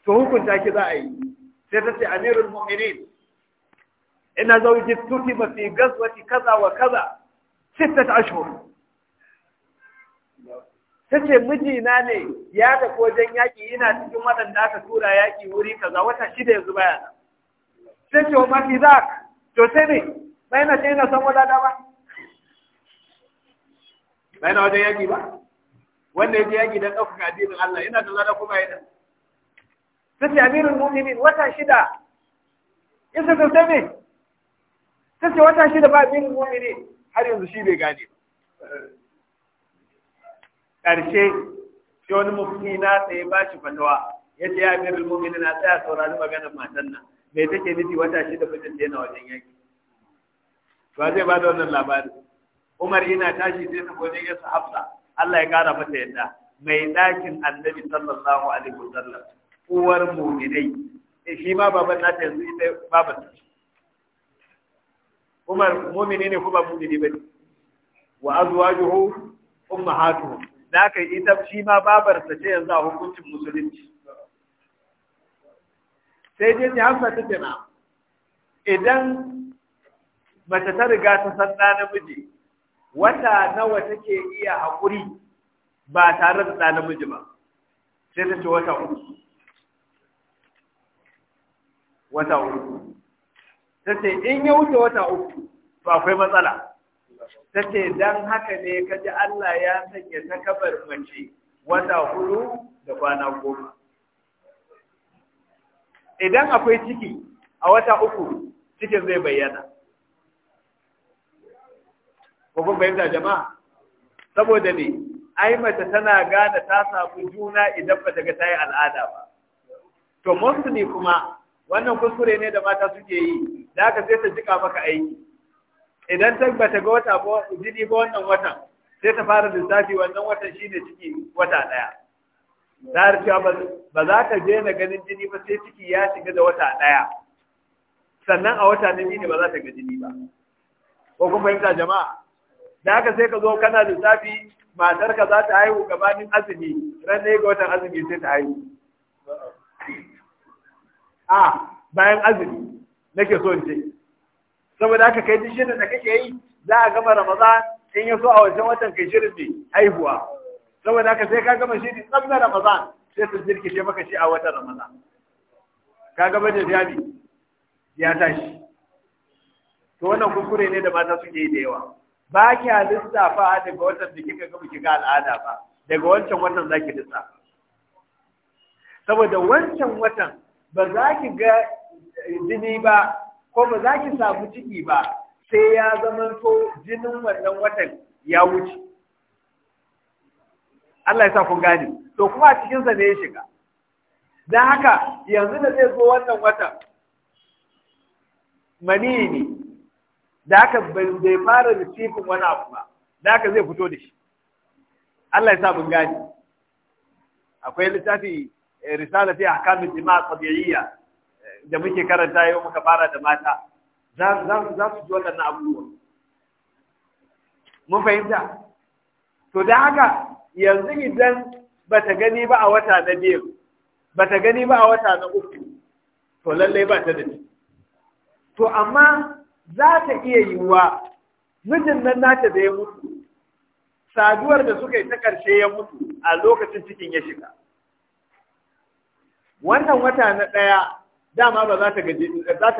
to hukunta ki za a yi sai ta ce amirul mu'minin ina zauji tuti ba fi gazwati kaza wa kaza sittat ashhur ta ce mijina ne ya tafi wajen yaƙi yana cikin waɗanda aka tura yaƙi wuri kaza wata shida yanzu baya nan sai ce wa mafi za to sai ne bai na ce na san wadada ba bai na wajen yaƙi ba wanda ya je yaƙi don ɗaukar addinin Allah yana da lada kuma yana ta ce amirin mu'minin wata shida isa ta sami ta ce wata shida ba amirin mu'minin har yanzu shi bai gane ba ƙarshe shi wani mufti na tsaye ba shi fatawa ya ce ya amirin mu'minin na tsaya saurari maganar matan nan me take nufi wata shida ba da yana wajen yaki ba zai ba da wannan labari umar yana tashi sai ta gojen yasa hafsa Allah ya kara mata yadda mai ɗakin annabi sallallahu alaihi wasallam uwar mu'minai eh, shi ma baban nata yanzu ita baban Umar mu'mini ne kuma mu'mini bane wa azwajuhu ummahatuhu da kai ita shi ma babarsa ce yanzu a hukuncin musulunci sai dai hafsa ta tana idan mace ta riga ta san ɗa namiji wata nawa take iya haƙuri ba tare da namiji ba sai ta ce wata uku wata uku ta ce in ya wuce wata uku to akwai matsala ta ce don haka ne kaji Allah ya sanya ta kabar mace wata hudu da kwana goma idan akwai ciki a wata uku cikin zai bayyana ko kun fahimta jama'a saboda ne ai mace tana gane ta samu juna idan ba ta ga ta yi al'ada ba to ne kuma wannan kuskure ne da mata suke yi da aka sai ta jika maka aiki idan ta ba ta ga wata ba jini ba wannan watan sai ta fara lissafi wannan watan shine ciki wata daya ta cewa ba za ta je na ganin jini ba sai ciki ya shiga da wata daya sannan a wata na ne ba za ta ga jini ba ko kun fahimta jama'a da haka sai ka zo kana lissafi matar ka za ta haihu gabanin azumi ran ne ga watan azumi sai ta haihu a bayan azumi nake so ce saboda haka kai dishin shirin da kake yi za a gama ramadan in ya so a wajen watan kai shirin ne haihuwa saboda haka sai ka gama shirin tsam ramadan sai su jirkice maka shi a watan ramadan ka gama da jami ya tashi to wannan kuskure ne da mata suke yi da yawa ba kya lissafa daga watan da kika ga kika al'ada ba daga wancan watan ki lissafa saboda wancan watan ba za ki ga jini ba ko ba za ki samu ciki ba sai ya zama jinin wannan watan ya wuce Allah ya sa kun gane to kuma a cikinsa ne ya shiga don haka yanzu da zai zo wannan watan mani ne da haka bai fara receiving wani abu ba da haka zai fito da shi Allah ya sa mun gani akwai littafi eh, risala ta ahkamin jima'a tabi'iyya eh, da muke karanta yau muka fara da mata za za su ji na abubuwa mun fahimta to da haka yanzu idan bata gani ba a wata na biyu bata gani ba a wata na uku to lallai ba ta da to amma za ta iya yiwuwa mijin nan nata da ya mutu saduwar da suka yi ta ƙarshe ya mutu a lokacin cikin ya shiga wannan wata na ɗaya dama ba za ta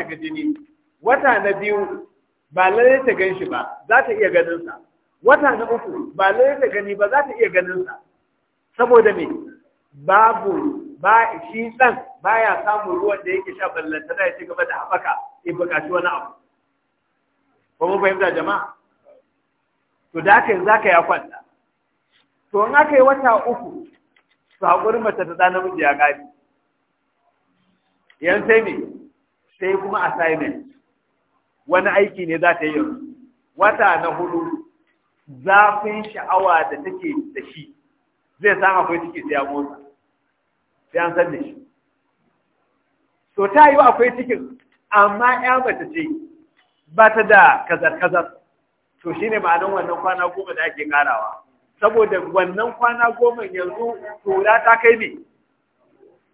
ga jini wata na biyu ba lalle ta gan shi ba za ta iya ganin wata na uku ba lalle ta gani ba za ta iya ganin saboda me babu ba shi dan baya samun ruwan da yake sha ballanta da ya ci gaba da haɓaka in buƙaci wani abu ko mun fahimta jama'a to da haka yanzu haka ya kwanta to in aka yi wata uku su haƙuri mace ta zana namiji ya ƙari yan sai ne sai kuma assignment wani aiki ne za ta yi yanzu wata na hudu zafin sha'awa da take da shi zai san akwai ciki sai ya motsa sai an san da shi to ta yi akwai cikin amma ya mace ce ba ta da kazar-kazar to shi ne ma'anin wannan kwana goma da ake ƙarawa. saboda wannan kwana goma yanzu tura ta kai ne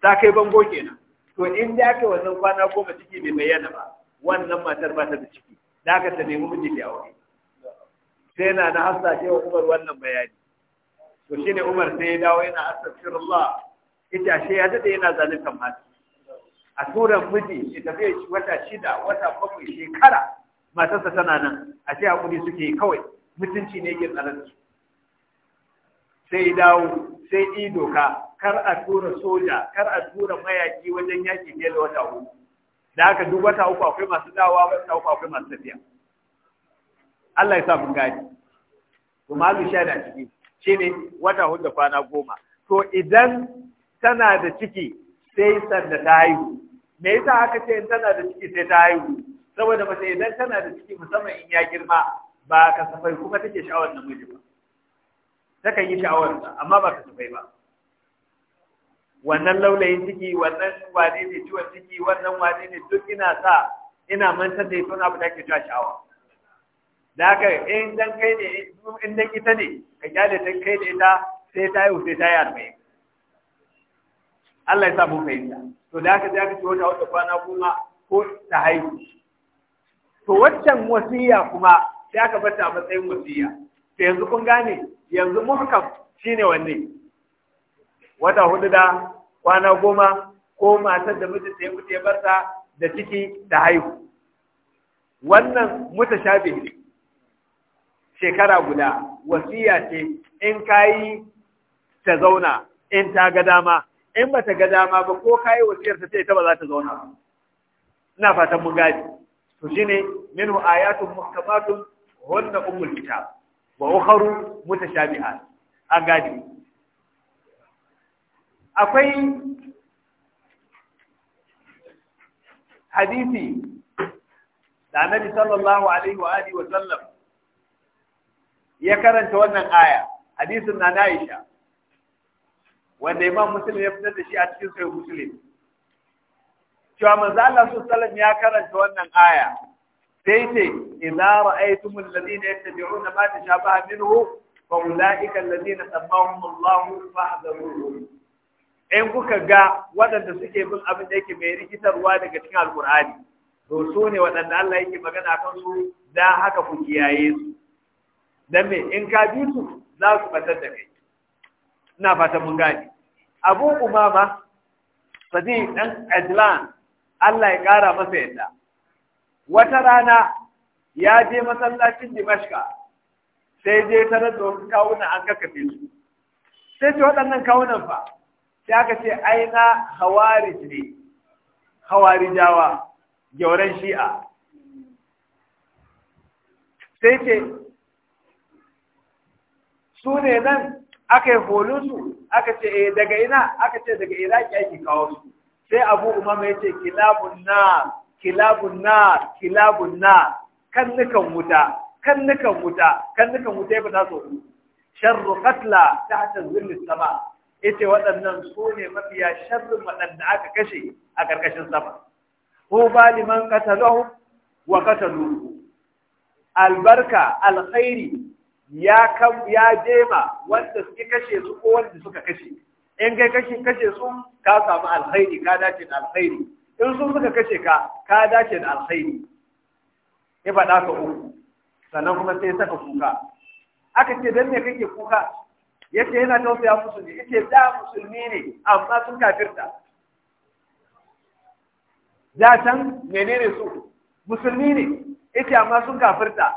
ta kai bango kenan to in da ake wannan kwana goma ciki bai bayyana ba wannan matar ba ta da ciki da aka ta nemi miji da aure sai na na hasa wa umar wannan bayani to shi ne umar sai ya dawo yana astaghfirullah ita shi ya dade yana zalunta mata a turan miji ita tafiya wata shida wata bakwai shekara matarsa tana nan a ce hakuri suke kawai mutunci ne yake tsaransu sai dawo sai i doka kar a tura soja kar a tura mayaki wajen yaki fiye da wata uku da haka duk wata uku akwai masu dawa wata uku akwai masu tafiya Allah ya sa mun gani to malu sha da ciki shine wata hudu da kwana goma to idan tana da ciki sai sanda ta haihu me yasa aka ce in tana da ciki sai ta haihu saboda mace idan tana da ciki musamman in ya girma ba kasafai kuma take sha'awar namiji ba Ta kan yi sha'awar ta amma ba kasafai ba wannan laulayin ciki wannan wane ne ciwon ciki wannan wane ne duk ina sa ina mantar da ita abu da ke cewa sha'awa da haka in dan kai ne in dan ita ne ka kyale dan kai da ita sai ta yi sai ta yi arba'in Allah ya sa mun fahimta to da haka za ka ci ta wata kwana goma ko ta haihu to waccan wasiya kuma sai aka bata a matsayin wasiya to yanzu kun gane yanzu muhkam shine wanne wata hudu da kwana goma ko matar da miji ta fita ya barta da ciki da haihu wannan mutashabih ne shekara guda wasiya ce in kayi ta zauna in ta ga dama in bata ga dama ba ko kayi wasiyar ta ce ta ba za ta zauna ina fatan mun gaji to shine minhu ayatun muhkamatun wanda ummul kitab wa ukharu mutashabihat an gadi akwai hadisi da annabi sallallahu alaihi wa alihi wa sallam ya karanta wannan aya hadisin na Aisha wanda Imam Muslim ya fitar da shi a cikin Sahih Muslim cewa manzo Allah sallallahu ya karanta wannan aya sai ce idza ra'aytumul ladina yattabi'una ma tashabaha minhu fa ulaika alladina tabbahum Allahu fahdharuhum in kuka ga waɗanda suke bin abin da yake mai rikitarwa daga cikin alkur'ani to su ne waɗanda Allah yake magana kan su da haka ku kiyaye su dan me in ka bi su za su batar da kai ina fatan mun gane abu umama sadi dan ajlan Allah ya ƙara masa yadda wata rana ya je masallacin Dimashka sai je tare da wasu kawuna an kakkafe su sai ce waɗannan kawunan fa sai aka ce aina hawarij ne hawarijawa gyauran shi'a sai ce su ne nan aka yi holinsu aka ce eh, daga ina aka ce daga iraki ake kawo su sai abu umama ya ce kilabun na kilabun na kilabun na kan nukan wuta kan nukan wuta kan nukan wuta ya fita sau sharru katla ta hatar zulli sama yace waɗannan su ne mafiya sharrin waɗanda aka kashe a ƙarƙashin sama ko ba liman wa qataluhu albarka alkhairi ya ya jema wanda suke kashe su ko wanda suka kashe in kai kashe su ka samu alkhairi ka dace da alkhairi in sun suka kashe ka ka dace da alkhairi ya faɗa ka uku sannan kuma sai saka kuka aka ce dan me kake kuka yace yana tausaya musu ne yace da musulmi ne amma sun kafirta da san menene su musulmi ne yace amma sun kafirta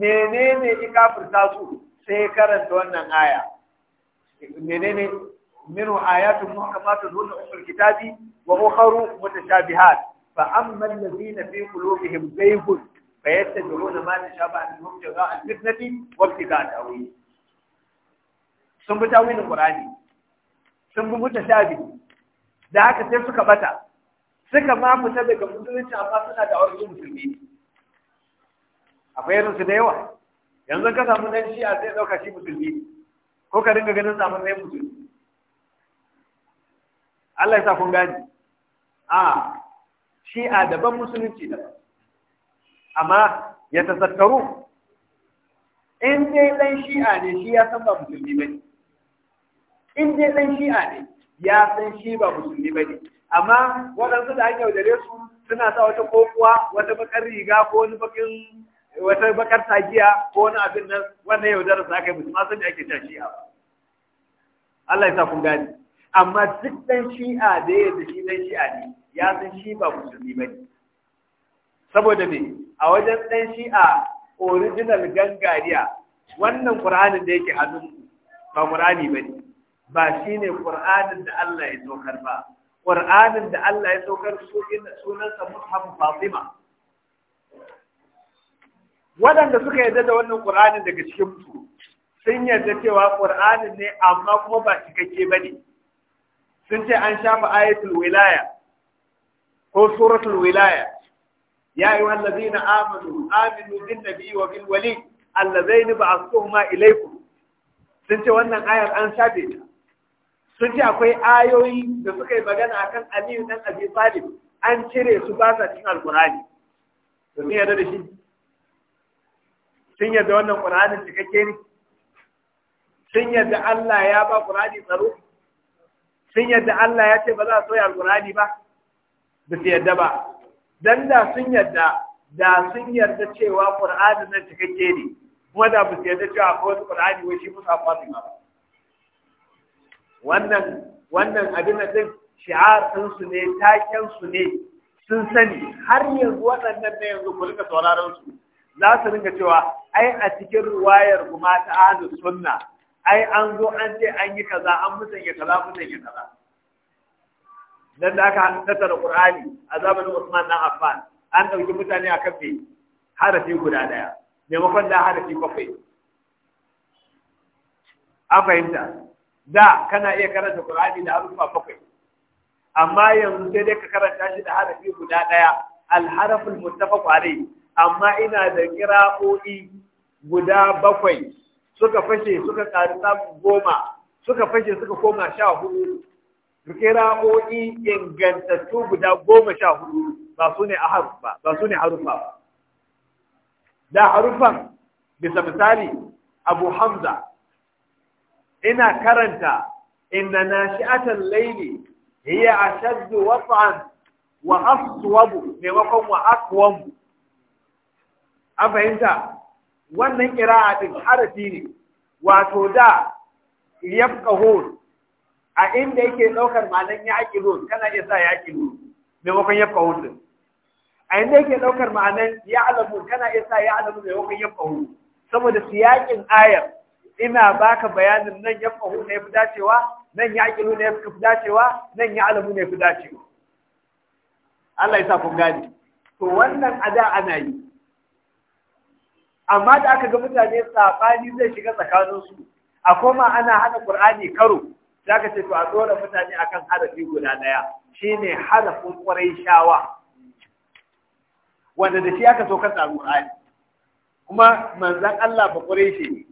menene ya kafirta su sai karanta wannan aya menene من آيات المحكمات دون أم الكتاب وأخر متشابهات فأما الذين في قلوبهم زيغ فيتبعون ما تشابه منه ابتغاء الفتنة وابتغاء تأويله sun bi tawilin Qur'ani sun bi mutashabi da haka sai suka bata suka ma fita daga musulunci amma suna da aure musulmi akwai irin su da yawa yanzu ka samu dan shi'a sai dauka shi musulmi ko ka dinga ganin samun sai musulmi Allah ya sa kun gani a shi'a daban musulunci daban amma ya tasattaru in dai dan shi'a ne shi ya san ba musulmi ba ne in dai dan shi'a ne ya san shi ba musulmi ba ne amma waɗansu da an yaudare su suna sa wata kokuwa wata bakar riga ko wani bakin wata bakar tagiya ko wani abin nan wannan yaudarar sa aka yi musulma sun da ake ta shi'a Allah ya sa kun gani amma duk ɗan shi'a da ya da shi ɗan shi'a ne ya san shi ba musulmi ba ne saboda me a wajen ɗan shi'a original gangariya wannan ƙur'anin da yake hannun ba ƙur'ani ba ne ba shi ne ƙur'anin da Allah ya saukar ba ƙur'anin da Allah ya saukar sunansa mushaf Fatima waɗanda suka yarda da wannan ƙur'anin daga cikin su sun yarda cewa ƙur'anin ne amma kuma ba cikakke ba ne sun ce an shafa ayatul wilaya ko suratul wilaya ya ayyuha allazina amanu aminu bin nabiyyi wa bil wali allazaini ba'athuhuma ilaykum sun ce wannan ayar an shafe ta sun ce akwai ayoyi da suka yi magana akan aliyu dan abi talib an cire su ba sa cikin alqur'ani sun yarda da shi sun yarda wannan qur'anin cikakke ne sun yarda Allah ya ba qur'ani tsaro sun yadda Allah ya ce ba za a soya alƙurani ba ba su yadda ba dan da sun yadda da sun yarda cewa qur'ani na cikakke ne kuma da ba su yadda cewa akwai wani qur'ani wai shi musa fatima ba wannan wannan abin din shi'ar su ne taken su ne sun sani har yanzu waɗannan na yanzu ku rika sauraron su za su ringa cewa ai a cikin ruwayar kuma ta ahlus sunna ai an zo an ce an yi kaza an musanya kaza musanya kaza dan da aka hannata da Qur'ani a zamanin Usman dan Affan an dauki mutane a kafe harafi guda daya maimakon da harafi bakwai a fahimta da kana iya karanta Qur'ani da harufa bakwai amma yanzu sai dai ka karanta shi da harafi guda daya alharaful muttafaq alayhi amma ina da qira'o'i guda bakwai suka fashe suka tsari samun goma suka fashe suka koma sha hudu ra'o'i ingantattu guda goma sha hudu ba su ne a harufa ba su ne harufa da harufan bisa misali abu hamza ina karanta inna nashi'atan layli hiya ashaddu wat'an wa aswabu maimakon wa aqwam a fahimta wannan ƙira'a ɗin harafi ne wato da yafqahun a inda yake ɗaukar ma'anan yaqilun kana iya sa yaqilun maimakon yafqahun din a inda yake ɗaukar ma'anan alamu kana iya sa ya'lamun maimakon yafqahun saboda siyaƙin ayar ina baka bayanin nan yafqahun ne fi dacewa nan yaqilun ne fi dacewa nan alamu ne fi dacewa Allah ya sa kun gane to wannan ada ana yi amma da aka ga mutane sabani zai shiga tsakanin su a koma ana hada qur'ani karo zaka ce to a dora mutane akan harafi guda daya shine harafin quraishawa wanda da shi aka so ka samu qur'ani kuma manzon Allah ba quraishi ne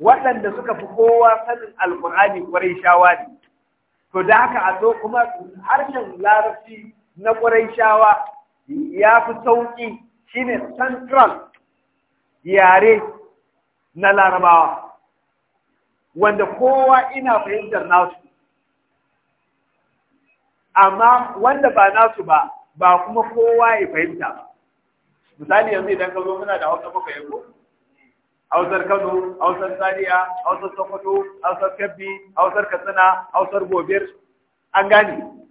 waɗanda suka fi kowa sanin alqur'ani shawa ne to da haka a zo kuma harshen larabci na quraishawa ya fi sauki shine central yare na larabawa wanda kowa ina fahimtar nasu amma wanda ba nasu ba ba kuma kowa ya fahimta ba misali yanzu idan ka zo muna da hausa muka yabo hausar kano hausar sadiya hausar sokoto hausar kabbi hausar katsina hausar gobir an gane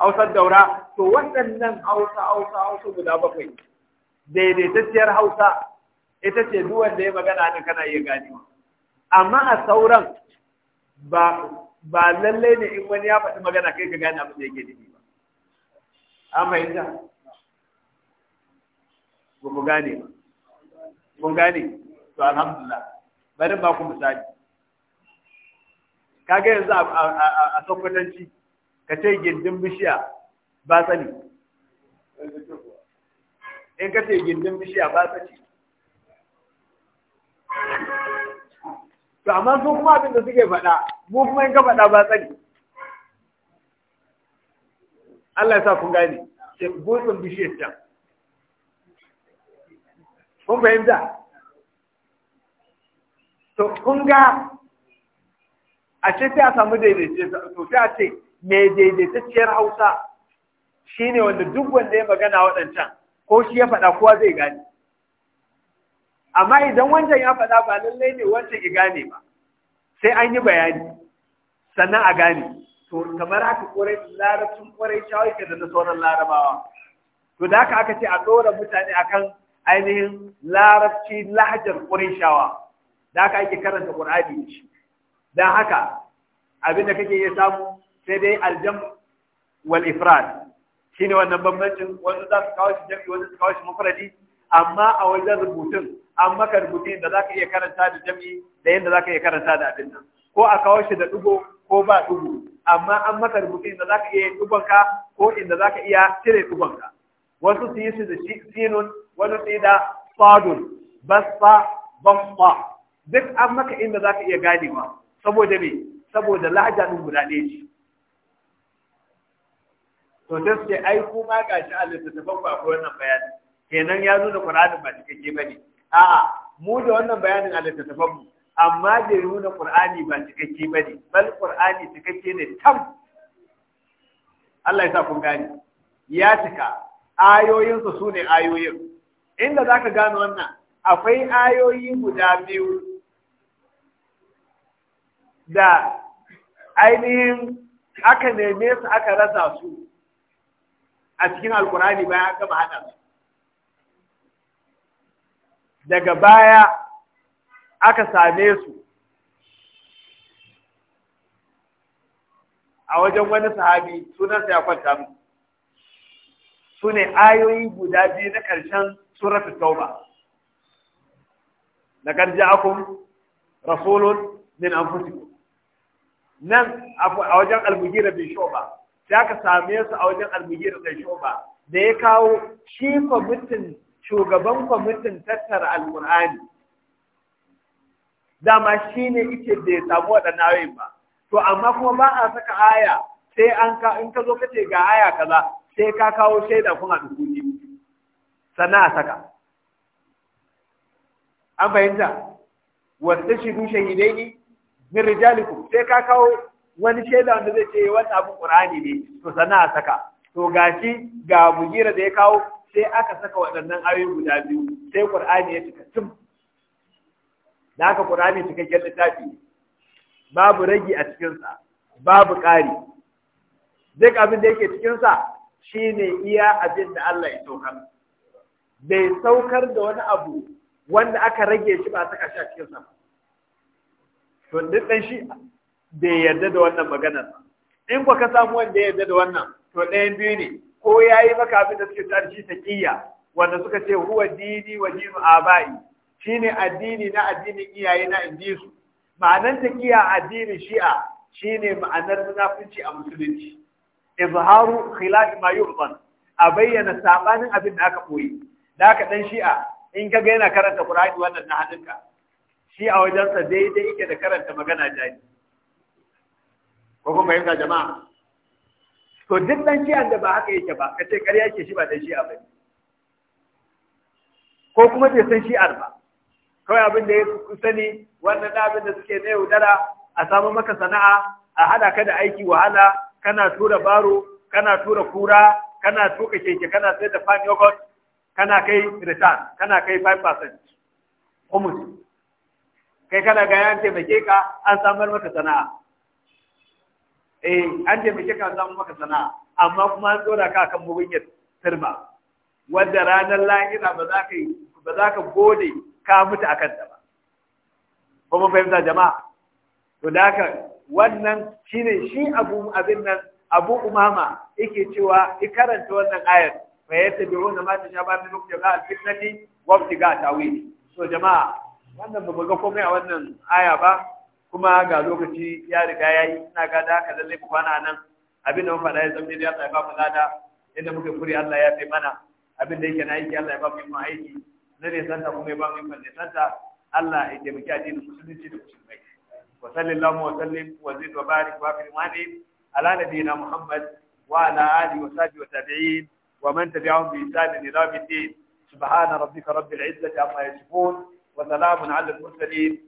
hausar daura to waɗannan hausa hausa hausa guda bakwai daidaitacciyar hausa ita ce duk wanda ya magana ne kana iya ganewa amma a sauran ba ba lallai ne in wani ya faɗi magana kai ka gane abin da yake nufi ba an fahimta ba ku gane ba ku gane to alhamdulillah bari ba ku misali kaga yanzu a sokotanci ka ce gindin bishiya ba sani in ka ce gindin bishiya ba sani to amma su kuma abin da suke faɗa mu kuma in ka faɗa ba tsari Allah ya sa kun gane gutsun bishiyar can kun fahimta to kun ga a ce sai a samu daidaice to sai a ce mai daidaitacciyar hausa shine wanda duk wanda ya magana waɗancan ko shi ya faɗa kowa zai gane amma idan wancan ya faɗa ba lallai ne wancan ya gane ba sai an yi bayani sannan a gane to kamar haka kore larabcin kore shawai ke da na sauran larabawa to da haka aka ce a ɗora mutane akan ainihin larabci lahajar kore shawa da haka ake karanta ƙur'ani da shi don haka abinda da kake iya samu sai dai aljam wal ifrad shine wannan bambancin wanda za su kawo shi jam'i wanda su kawo shi mafaradi amma a wajen rubutun an maka rubutun da zaka iya karanta da jami'i da yanda zaka iya karanta da abin nan ko a kawo shi da dugo ko ba dugo amma an maka rubutun da zaka iya dugon ka ko inda zaka iya cire dugon ka wasu su yi su da sinun wani su da fadun basfa bamfa duk an maka inda zaka iya ganewa saboda me saboda lahaja din guda ɗaya ce to da suke ai kuma shi a littattafan ba akwai wannan bayani kenan ya nuna Qur'anin ba cikakke bane a'a mu da wannan bayanin a littattafan mu amma da nuna qur'ani ba cikakke bane bal qur'ani cikakke ne tam Allah ya sa kun gane ya cika ayoyinsu su ne ayoyin inda za ka gano wannan akwai ayoyi guda biyu da ainihin aka neme su aka rasa su a cikin alkurani bayan aka gama hada su daga baya aka same su a wajen wani sahabi sunansa ya kwanta mu su ne ayoyi guda biyu na ƙarshen suratul tauba laqad ja'akum rasulun min anfusikum nan a wajen al-mughira bin shoba sai aka same su a wajen al-mughira bin shoba da ya kawo shi fa mutum shugaban kwamitin tattara alkur'ani dama shi ne ike ya samu waɗanda ayoyin ba to amma kuma ba a saka aya sai an ka in ka zo ka ce ga aya kaza sai ka kawo shaida kun haɗu kuɗi sannan a saka an fahimta wanda shi du shahidai ne min rijalikum sai ka kawo wani shaida wanda zai ce wani abin qur'ani ne to sannan a saka to gashi ga bugira da ya kawo sai aka saka waɗannan ayoyi guda biyu sai Qur'ani ya cika tum da aka Qur'ani cikakken littafi babu ragi a cikin sa babu ƙari duk abin da yake cikin sa shine iya abin da Allah ya saukar bai saukar da wani abu wanda aka rage shi ba saka shi a cikin sa to duk dan shi bai yarda da wannan maganar in ka samu wanda ya yarda da wannan to ɗayan biyu ne ko yi maka abin da suke tsarki ƙiyya, wanda suka ce huwa dini wa dinu abai shine addini na addinin iyaye na inji su ma'anar taqiyya addini shi'a shine ma'anar munafici a musulunci izharu khilaf ma a bayyana sabanin abin da aka koyi da aka dan shi'a in ka ga yana karanta qur'ani wannan na hannunka shi a wajensa daidai yake da karanta magana jani ko kuma yanka jama'a to duk dan shi'an da ba haka yake ba ka ce ƙarya ke shi ba dan shi'a bane ko kuma bai san shi'ar ba kawai abin da ya sani wannan abin da suke na yaudara a samu maka sana'a a hada ka da aiki wahala kana tura baro kana tura kura kana tuka keke kana sai da fan yogurt kana kai return kana kai 5% Kuma kai kana ga yan taimake ka an samar maka sana'a eh an taimake ka samu maka sana'a amma kuma an tsora ka kan mugunyar turba wanda ranar lahira ba za ka yi ba za ka gode ka mutu a kanta ba kuma fahimta jama'a to da haka wannan shine shi abu abin nan abu umama yake cewa i karanta wannan ayar fa yattabi'una ma tashabaha min ibtigha al-fitnati wa ga tawili so jama'a wannan ba ga komai a wannan aya ba kuma ga lokaci ya riga ya yi ina ga da haka lalle ku kwana nan abin da mun faɗa ya zama ya tsaya ba mu lada inda muka furi, Allah ya fi mana abin da yake na aiki Allah ya ba mu yin aiki na ne santa kuma ya ba mu yin santa Allah ya taimaki addinin musulunci da musulmai wa sallallahu wa sallim wa zid wa barik wa akrim ani ala nabiyina muhammad wa ala alihi wa sahbihi wa tabi'in wa man tabi'ahum bi ihsan ila yawm الدين سبحان ربك رب العزة عما يصفون وسلام على المرسلين